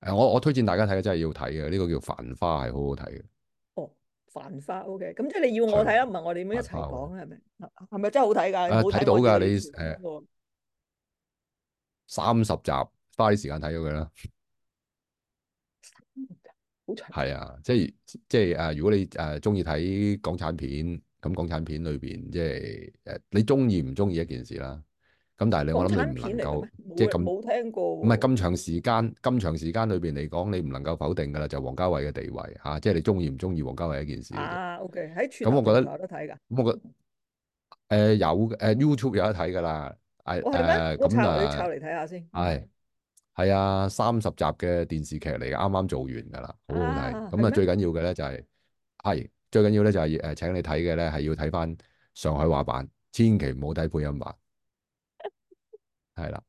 誒，我我推薦大家睇嘅真係要睇嘅，呢個叫繁花係好好睇嘅。哦，繁花，OK，咁即係你要我睇啦，唔係的我哋咁一齊講係咪？係咪真係好睇噶？啊，睇沒到噶，你誒三十集，花啲時間睇咗佢啦。好長。係啊，即係即係誒，如果你誒中意睇港產片，咁港產片裏邊即係誒，你中意唔中意一件事啦？咁但係你我諗你唔能夠即係咁，唔係咁長時間，咁長時間裏邊嚟講，你唔能夠否定噶啦，就王家衛嘅地位吓，即係你中意唔中意王家衛一件事。啊，OK，喺全網都睇噶。咁我覺，誒有誒 YouTube 有得睇噶啦，誒咁啊，嚟睇下先。係係啊，三十集嘅電視劇嚟，啱啱做完噶啦，好好睇。咁啊最緊要嘅咧就係係最緊要咧就係誒，請你睇嘅咧係要睇翻上海話版，千祈唔好睇配音版。係啦，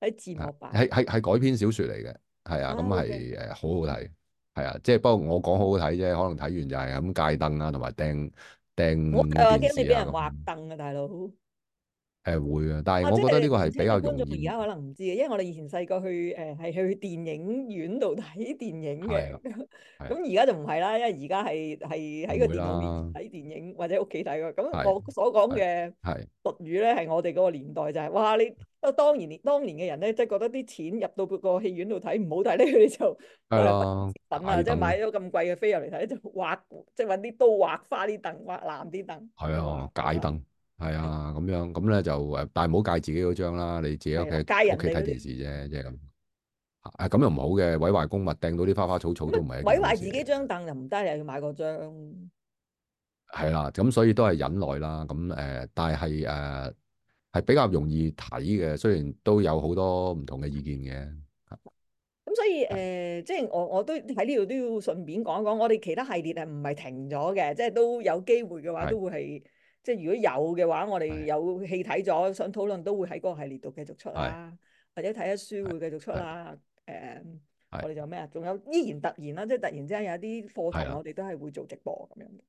喺字幕版，喺係改編小說嚟嘅，係啊，咁係誒好好睇，係啊，即係不過我講好好睇啫，可能睇完就係咁戒凳啊，同埋掟掟電視啊，誒話驚你俾人劃凳啊，大佬，誒會啊，但係我覺得呢個係比較容易。而家可能唔知，因為我哋以前細個去誒係去電影院度睇電影嘅，咁而家就唔係啦，因為而家係係喺個電腦面睇電影或者屋企睇嘅，咁我所講嘅粵語咧係我哋嗰個年代就係哇你。都當然，當年嘅人咧，即係覺得啲錢入到個戲院度睇唔好睇咧，佢哋就等啊，即係買咗咁貴嘅飛入嚟睇，就畫即係揾啲刀畫花啲凳，畫爛啲凳。係啊，解凳係啊，咁樣咁咧就誒，但係唔好解自己嗰張啦，你自己屋企屋企睇電視啫，即係咁。咁又唔好嘅，毀壞公物，掟到啲花花草草都唔係。毀壞自己張凳就唔得，又要買個張。係啦、啊，咁、啊、所以都係忍耐啦。咁誒，但係誒。係比較容易睇嘅，雖然都有好多唔同嘅意見嘅。咁所以誒，即係我我都喺呢度都要順便講一講，我哋其他系列係唔係停咗嘅？即係都有機會嘅話，都會係即係如果有嘅話，我哋有戲睇咗想討論，都會喺嗰個系列度繼續出啦，或者睇下書會繼續出啦。誒，我哋仲有咩啊？仲有依然突然啦，即係突然之間有啲課堂，我哋都係會做直播咁樣嘅。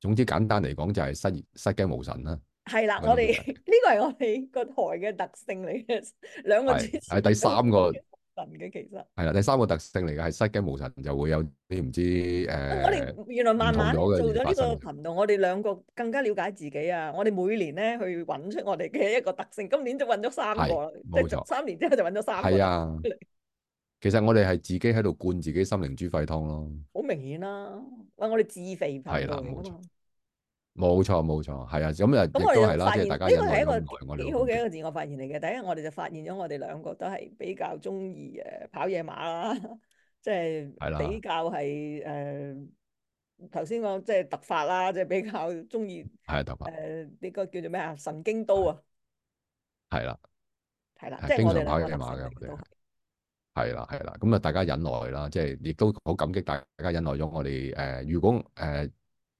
總之簡單嚟講就係失失驚無神啦。係啦，我哋呢個係我哋個台嘅特性嚟嘅，兩個係第三個神嘅，其實係啦，第三個特性嚟嘅，係失驚無神就會有你唔知誒。呃、我哋原來慢慢做咗呢個頻道。我哋兩個更加了解自己啊！我哋每年咧去搵出我哋嘅一個特性，今年就搵咗三個，即係三年之後就搵咗三個。係啊，其實我哋係自己喺度灌自己心靈豬肺湯咯，好明顯啦、啊。喂，我哋自肥排啊嘛。冇錯冇錯，係啊，咁啊，咁我哋發現呢個係一個幾好嘅一個自我發現嚟嘅。第一，我哋就發現咗我哋兩個都係比較中意誒跑野馬啦，即係比較係誒頭先講即係突發啦，即係比較中意係突發誒呢個叫做咩啊？神經刀啊，係啦，係啦，經常跑野馬嘅，都係係啦係啦。咁啊，大家忍耐啦，即係亦都好感激大大家忍耐咗我哋誒。如果誒。，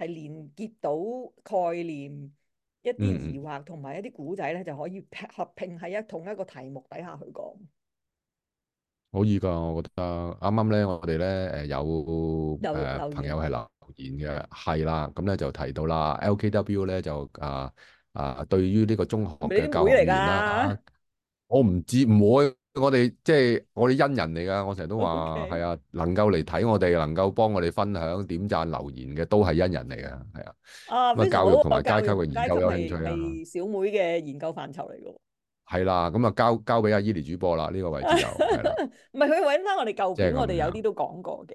係連結到概念一啲字畫同埋一啲古仔咧，就可以合拼喺一同一個題目底下去講。可以噶，我覺得啱啱咧，我哋咧誒有誒、呃、言朋友係留言嘅，係啦，咁咧就提到啦，LKW 咧就啊啊對於呢個中學嘅教育嚟嚇，我唔知唔會。我哋即係我哋恩人嚟噶。我成日都話係啊，能夠嚟睇我哋，能夠幫我哋分享、點讚、留言嘅，都係恩人嚟噶。係啊，教育同埋階級嘅研究有興趣啊。小妹嘅研究範疇嚟噶，係啦。咁啊，交交俾阿伊麗主播啦。呢個位置就唔係佢揾翻我哋舊片，我哋有啲都講過嘅。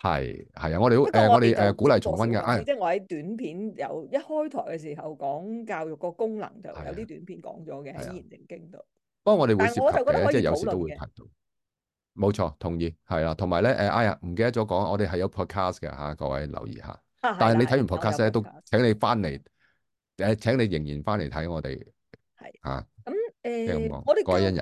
係係啊，我哋誒，我哋誒鼓勵重溫噶。即係我喺短片有一開台嘅時候講教育個功能，就有啲短片講咗嘅喺言靈經度。幫我哋會涉及嘅，即係有時都會提到。冇錯，同意，係啦。同埋咧，誒，哎呀，唔記得咗講，我哋係有 podcast 嘅嚇，各位留意下。但係你睇完 podcast 咧，都請你翻嚟，誒，請你仍然翻嚟睇我哋。係嚇，咁誒，我哋過一日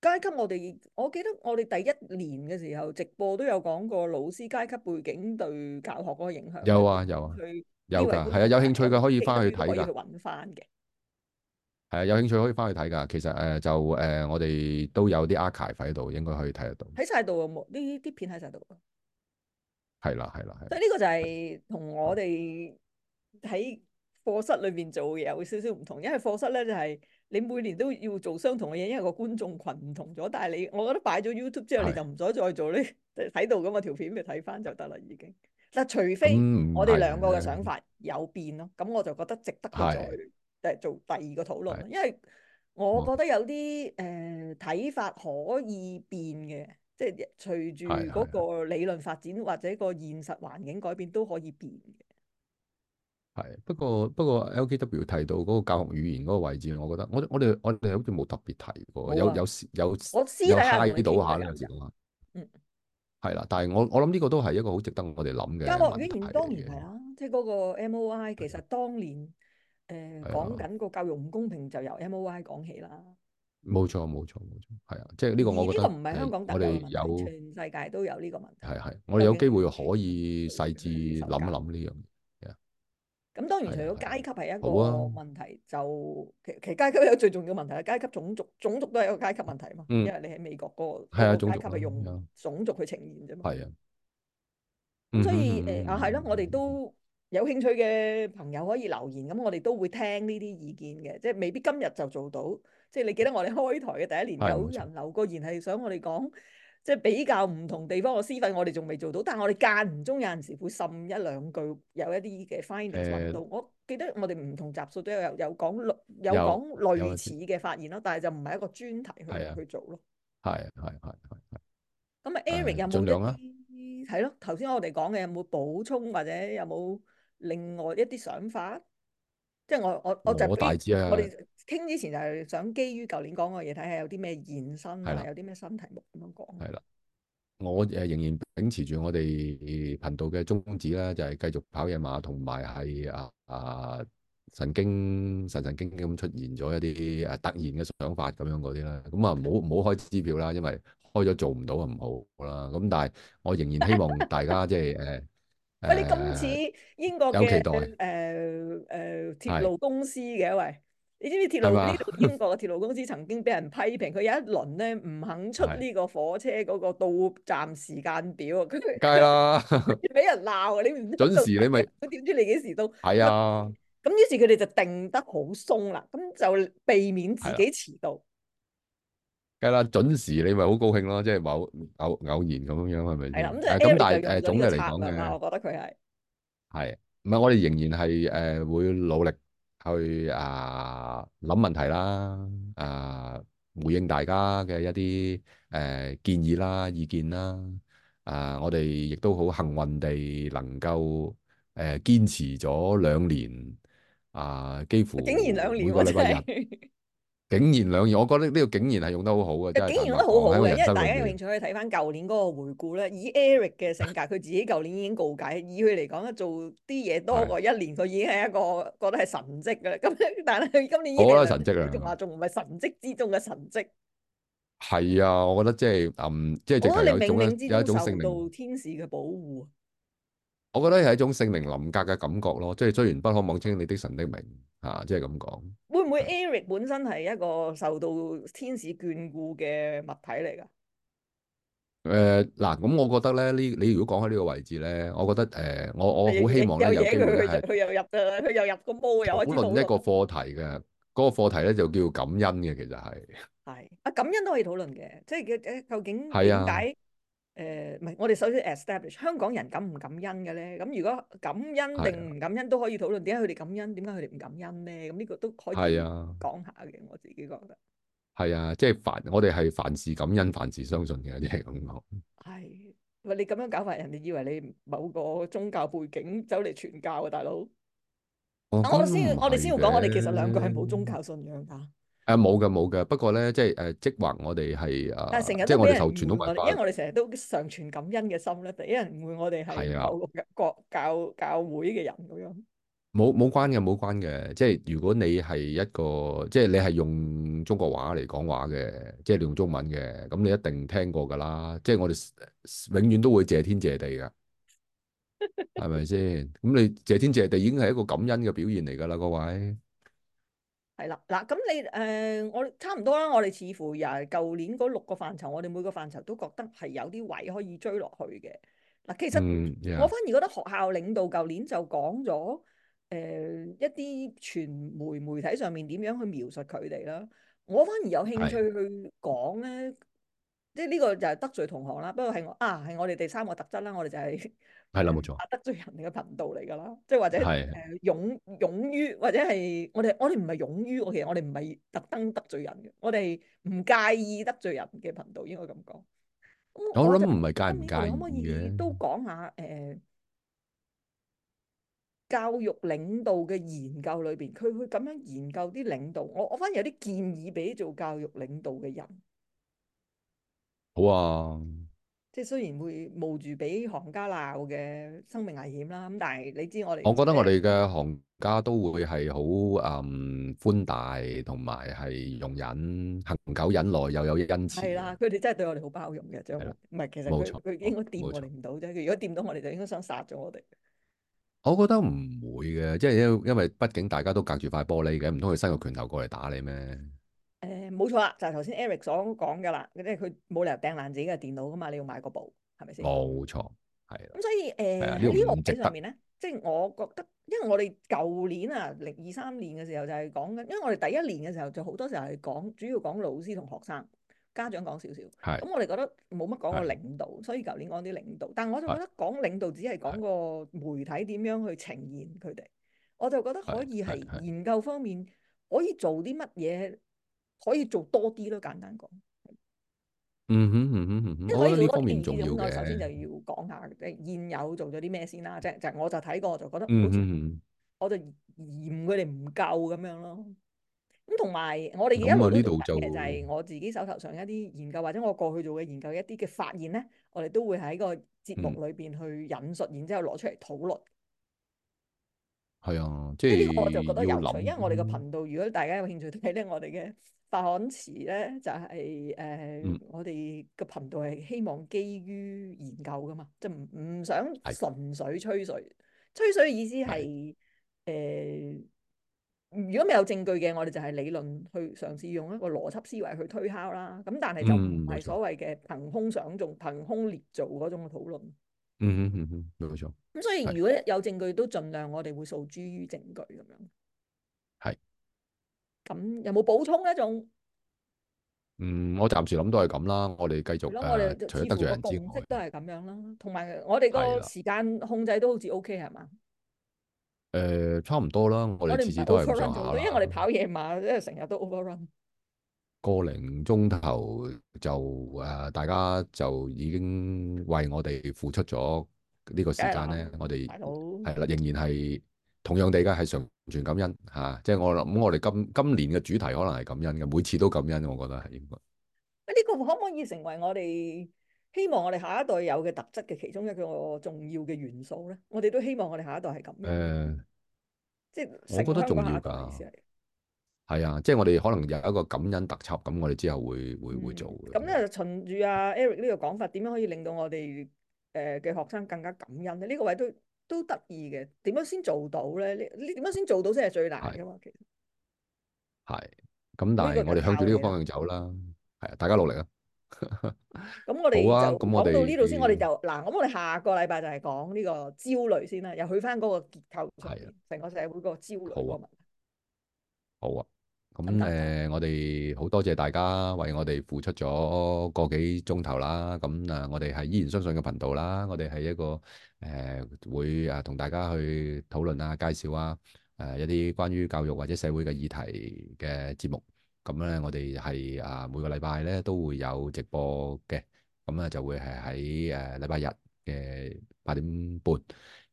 階級，我哋我記得我哋第一年嘅時候直播都有講過老師階級背景對教學嗰個影響。有啊，有啊，有㗎，係啊，有興趣嘅可以翻去睇㗎。揾翻嘅。誒，有興趣可以返去睇㗎。其實誒、呃，就誒、呃，我哋都有啲 archive 喺度，應該可以睇得到。喺晒度啊，冇呢啲片喺晒度。係啦，係啦，係。所以呢個就係同我哋喺課室裏邊做嘢會少少唔同，因為課室咧就係、是、你每年都要做相同嘅嘢，因為個觀眾群唔同咗。但係你，我覺得擺咗 YouTube 之後，的你就唔使再做呢，睇到噶嘛，條片咪睇返就得啦。已經，但除非我哋兩個嘅想法有變咯，咁、嗯、我就覺得值得下做第二個討論，的因為我覺得有啲誒睇法可以變嘅，即係隨住嗰個理論發展或者個現實環境改變都可以變嘅。係，不過不過，LKW 提到嗰個教學語言嗰個位置，我覺得我我哋我哋好似冇特別提過，啊、有有有我知係高啲到下咧，有時咁啊。嗯，係啦，但係我我諗呢個都係一個好值得我哋諗嘅教學語言。當然係啦，即係嗰個 MOI 其實當年。誒，講緊個教育唔公平，就由 MOI 講起啦。冇錯，冇錯，冇錯，係啊，即係呢個我覺得呢個唔係香港特有問題，全世界都有呢個問題。係啊係，我哋有機會可以細緻諗一諗呢樣嘢。咁當然，除咗階級係一個問題，就其其實階級有最重要問題，階級、種族，種族都係一個階級問題啊嘛。嗯。因為你喺美國嗰個係啊，階級係用種族去呈現啫嘛。係啊。所以誒，啊係咯，我哋都。有興趣嘅朋友可以留言，咁我哋都會聽呢啲意見嘅，即係未必今日就做到。即係你記得我哋開台嘅第一年有人留過言，係想我哋講，即係比較唔同地方嘅私憤，我哋仲未做到，但係我哋間唔中有陣時會滲一兩句，有一啲嘅 findings 喺度。我記得我哋唔同集數都有有講類有講類似嘅發言咯，但係就唔係一個專題去去做咯。係係係係。咁啊，Eric 有冇啲係咯？頭先我哋講嘅有冇補充或者有冇？另外一啲想法，即係我我我就俾我哋傾之前就係想基於舊年講嘅嘢，睇下有啲咩延伸啊，的有啲咩新題目咁樣講。係啦，我誒仍然秉持住我哋頻道嘅宗旨啦，就係、是、繼續跑野馬，同埋係啊啊神經神神經咁出現咗一啲誒突然嘅想法咁樣嗰啲啦。咁啊，唔好唔好開支票啦，因為開咗做唔到啊唔好啦。咁但係我仍然希望大家即係誒。 喂，你咁似英國嘅誒誒鐵路公司嘅一位，你知唔知鐵路呢是吧 英國嘅鐵路公司曾經俾人批評，佢有一輪咧唔肯出呢個火車嗰個到站時間表啊，佢梗係啦，俾 人鬧，你唔準時你咪佢點知你幾時到？係啊，咁於是佢哋就定得好鬆啦，咁就避免自己遲到。梗啦，準時你咪好高興咯，即係偶偶然咁樣，係咪？咁但係誒總嘅嚟講嘅，我覺得佢係係，唔係我哋仍然係誒、呃、會努力去啊諗、呃、問題啦啊、呃，回應大家嘅一啲誒、呃、建議啦、意見啦啊、呃，我哋亦都好幸運地能夠誒、呃、堅持咗兩年、呃、兩年啊，幾乎，竟然兩年，我真係竟然兩樣，我覺得呢個竟然係用得好好嘅，竟然用得好好嘅，因為大家有興趣可以睇翻舊年嗰個回顧咧。為以 Eric 嘅性格，佢 自己舊年已經告解，以佢嚟講咧，做啲嘢多過一年，佢的已經係一個覺得係神跡嘅啦。咁但係佢今年，我覺得神跡啊，仲話仲唔係神跡之中嘅神跡。係啊，我覺得即、就、係、是，嗯，即係直頭有，有一種聖靈，受到天使嘅保護。我覺得係一種聖靈臨格嘅感覺咯，即、就、係、是、雖然不可妄稱你的神的名啊，即係咁講。會唔會 Eric 本身係一個受到天使眷顧嘅物體嚟㗎。誒嗱、呃，咁我覺得咧，呢你如果講喺呢個位置咧，我覺得誒、呃，我我好希望咧有機會佢就是又入啊，佢又入個波，又，又討論一個課題嘅，嗰個課題咧就叫感恩嘅，其實係係啊，感恩都可以討論嘅，即係究竟點解？誒唔係，我哋首先 establish 香港人感唔感恩嘅咧？咁如果感恩定唔感恩都、啊、可以討論。點解佢哋感恩？點解佢哋唔感恩咧？咁呢個都可以講下嘅。啊、我自己覺得係啊，即係凡我哋係凡事感恩，凡事相信嘅，即係咁講。係、啊，唔你咁樣搞法，人哋以為你某個宗教背景走嚟傳教啊，大佬。哦、我先我哋先要講，我哋其實兩個係冇宗教信仰噶。誒，冇嘅、啊，冇嘅。不過咧，即係誒、呃，即係我哋係誒，即、啊、係我哋受傳統文化，因為我哋成日都常存感恩嘅心咧，第一人誤會我哋係的教國教教會嘅人咁樣。冇冇關嘅，冇關嘅。即係如果你係一個，即係你係用中國話嚟講話嘅，即係你用中文嘅，咁你一定聽過噶啦。即係我哋永遠都會謝天謝地噶，係咪先？咁你謝天謝地已經係一個感恩嘅表現嚟噶啦，各位。嗱嗱，咁、啊、你誒、呃，我差唔多啦。我哋似乎又係舊年嗰六個範疇，我哋每個範疇都覺得係有啲位可以追落去嘅。嗱、啊，其實、嗯 yeah. 我反而覺得學校領導舊年就講咗誒一啲傳媒媒體上面點樣去描述佢哋啦。我反而有興趣去講咧。即係呢個就係得罪同行啦，不過係我啊係我哋第三個特質啦，我哋就係係啦，冇錯得罪人哋嘅頻道嚟㗎啦，即係或者誒勇勇於或者係我哋我哋唔係勇於，我其實我哋唔係特登得罪人嘅，我哋唔介意得罪人嘅頻道應該咁講。我諗唔係介唔介意可唔可以都講下誒教育領導嘅研究裏邊，佢會咁樣研究啲領導，我我反而有啲建議俾做教育領導嘅人。好啊，即係雖然會冒住俾行家鬧嘅生命危險啦，咁但係你知我哋，我覺得我哋嘅行家都會係好誒寬大，同埋係容忍，恒久忍耐又有，有恩慈。係啦、啊，佢哋真係對我哋好包容嘅，即係唔係，其實佢佢冇錯應該掂我哋唔到啫。佢冇錯如果掂到我哋，就應該想殺咗我哋。我覺得唔會嘅，即係因因為畢竟大家都隔住塊玻璃嘅，唔通佢伸個拳頭過嚟打你咩？冇錯啦，就係頭先 Eric 所講嘅啦。即係佢冇理由掟爛自己嘅電腦噶嘛。你要買個部，係咪先？冇錯，係咁、嗯。所以誒、呃、呢個點上面咧，即係我覺得，因為我哋舊年啊零二三年嘅時候就係講緊，因為我哋第一年嘅時候就好多時候係講主要講老師同學生家長講少少。係咁的，嗯、我哋覺得冇乜講過領導，的所以舊年講啲領導。但我就覺得講領導只係講個媒體點樣去呈現佢哋，的我就覺得可以係研究方面可以做啲乜嘢。可以做多啲咯，簡單講。嗯哼嗯哼嗯哼，因為呢個方面，咁我首先就要講下即係現有做咗啲咩先啦。即係即係，我就睇過，就覺得嗯嗯，我就嫌佢哋唔夠咁樣咯。咁同埋我哋而家會研究嘅就係我自己手頭上一啲研究，或者我過去做嘅研究一啲嘅發現咧，我哋都會喺個節目裏邊去引述，然之後攞出嚟討論。係啊，即係我就覺得有趣，因為我哋個頻道如果大家有興趣睇咧，我哋嘅。發刊詞咧就係、是、誒，呃嗯、我哋個頻道係希望基於研究噶嘛，即係唔唔想純粹吹水。是吹水嘅意思係誒、呃，如果未有證據嘅，我哋就係理論去嘗試用一個邏輯思維去推敲啦。咁但係就唔係所謂嘅憑空想像、憑空捏造嗰種嘅討論。嗯哼嗯哼嗯嗯，冇、嗯、錯。咁、嗯嗯、所以如果有證據，都盡量我哋會訴諸於證據咁樣。咁有冇補充咧？仲嗯，我暫時諗都係咁啦。我哋繼續除咗得罪人之外，都係咁樣啦。同埋了我哋個時間控制都好似 O K 係嘛？誒、呃，差唔多啦。我哋次次都係咁考，因為我哋跑夜馬，即係成日都 over run 個零鐘頭就誒、呃，大家就已經為我哋付出咗呢個時間咧。我哋係啦，仍然係。同樣地嘅係純全感恩嚇、啊，即係我諗我哋今今年嘅主題可能係感恩嘅，每次都感恩，我覺得係應該。呢個可唔可以成為我哋希望我哋下一代有嘅特質嘅其中一個重要嘅元素咧？我哋都希望我哋下一代係咁。誒、呃，即係我覺得重要㗎。係啊，即係我哋可能有一個感恩特輯，咁我哋之後會會會做。咁咧、嗯，循住阿 Eric 呢個講法，點樣可以令到我哋誒嘅學生更加感恩咧？呢、這個位都。都得意嘅，點樣先做到咧？你你點樣先做到先係最難嘅嘛、啊，是其實係。咁但係我哋向住呢個方向走啦，係啊， 大家努力啊！咁 我哋好啊，咁我哋到呢度先，我哋就嗱，咁、嗯、我哋下個禮拜就係講呢個焦慮先啦，又去翻嗰個結構上，成的個社會個焦慮個問題。好啊。咁誒，我哋好多謝大家為我哋付出咗個幾鐘頭啦。咁啊，我哋係依然相信嘅頻道啦。我哋係一個誒、呃、會啊，同大家去討論啊、介紹啊誒、呃、一啲關於教育或者社會嘅議題嘅節目。咁、嗯、咧，我哋係啊每個禮拜咧都會有直播嘅。咁、嗯、啊，就會係喺誒禮拜日嘅八點半，咁、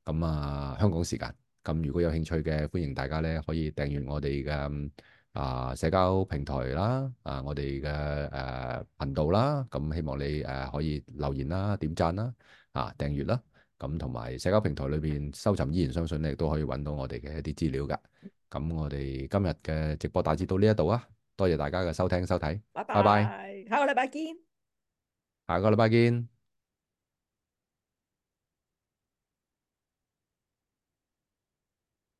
嗯、啊香港時間。咁如果有興趣嘅，歡迎大家咧可以訂閱我哋嘅。啊，社交平台啦，啊，我哋嘅誒頻道啦，咁希望你誒可以留言啦、點讚啦、啊訂閱啦，咁同埋社交平台裏邊收集依然相信，你亦都可以搵到我哋嘅一啲資料㗎。咁我哋今日嘅直播大致到呢一度啊，多謝大家嘅收聽收睇，拜拜，下個禮拜見，下個禮拜見。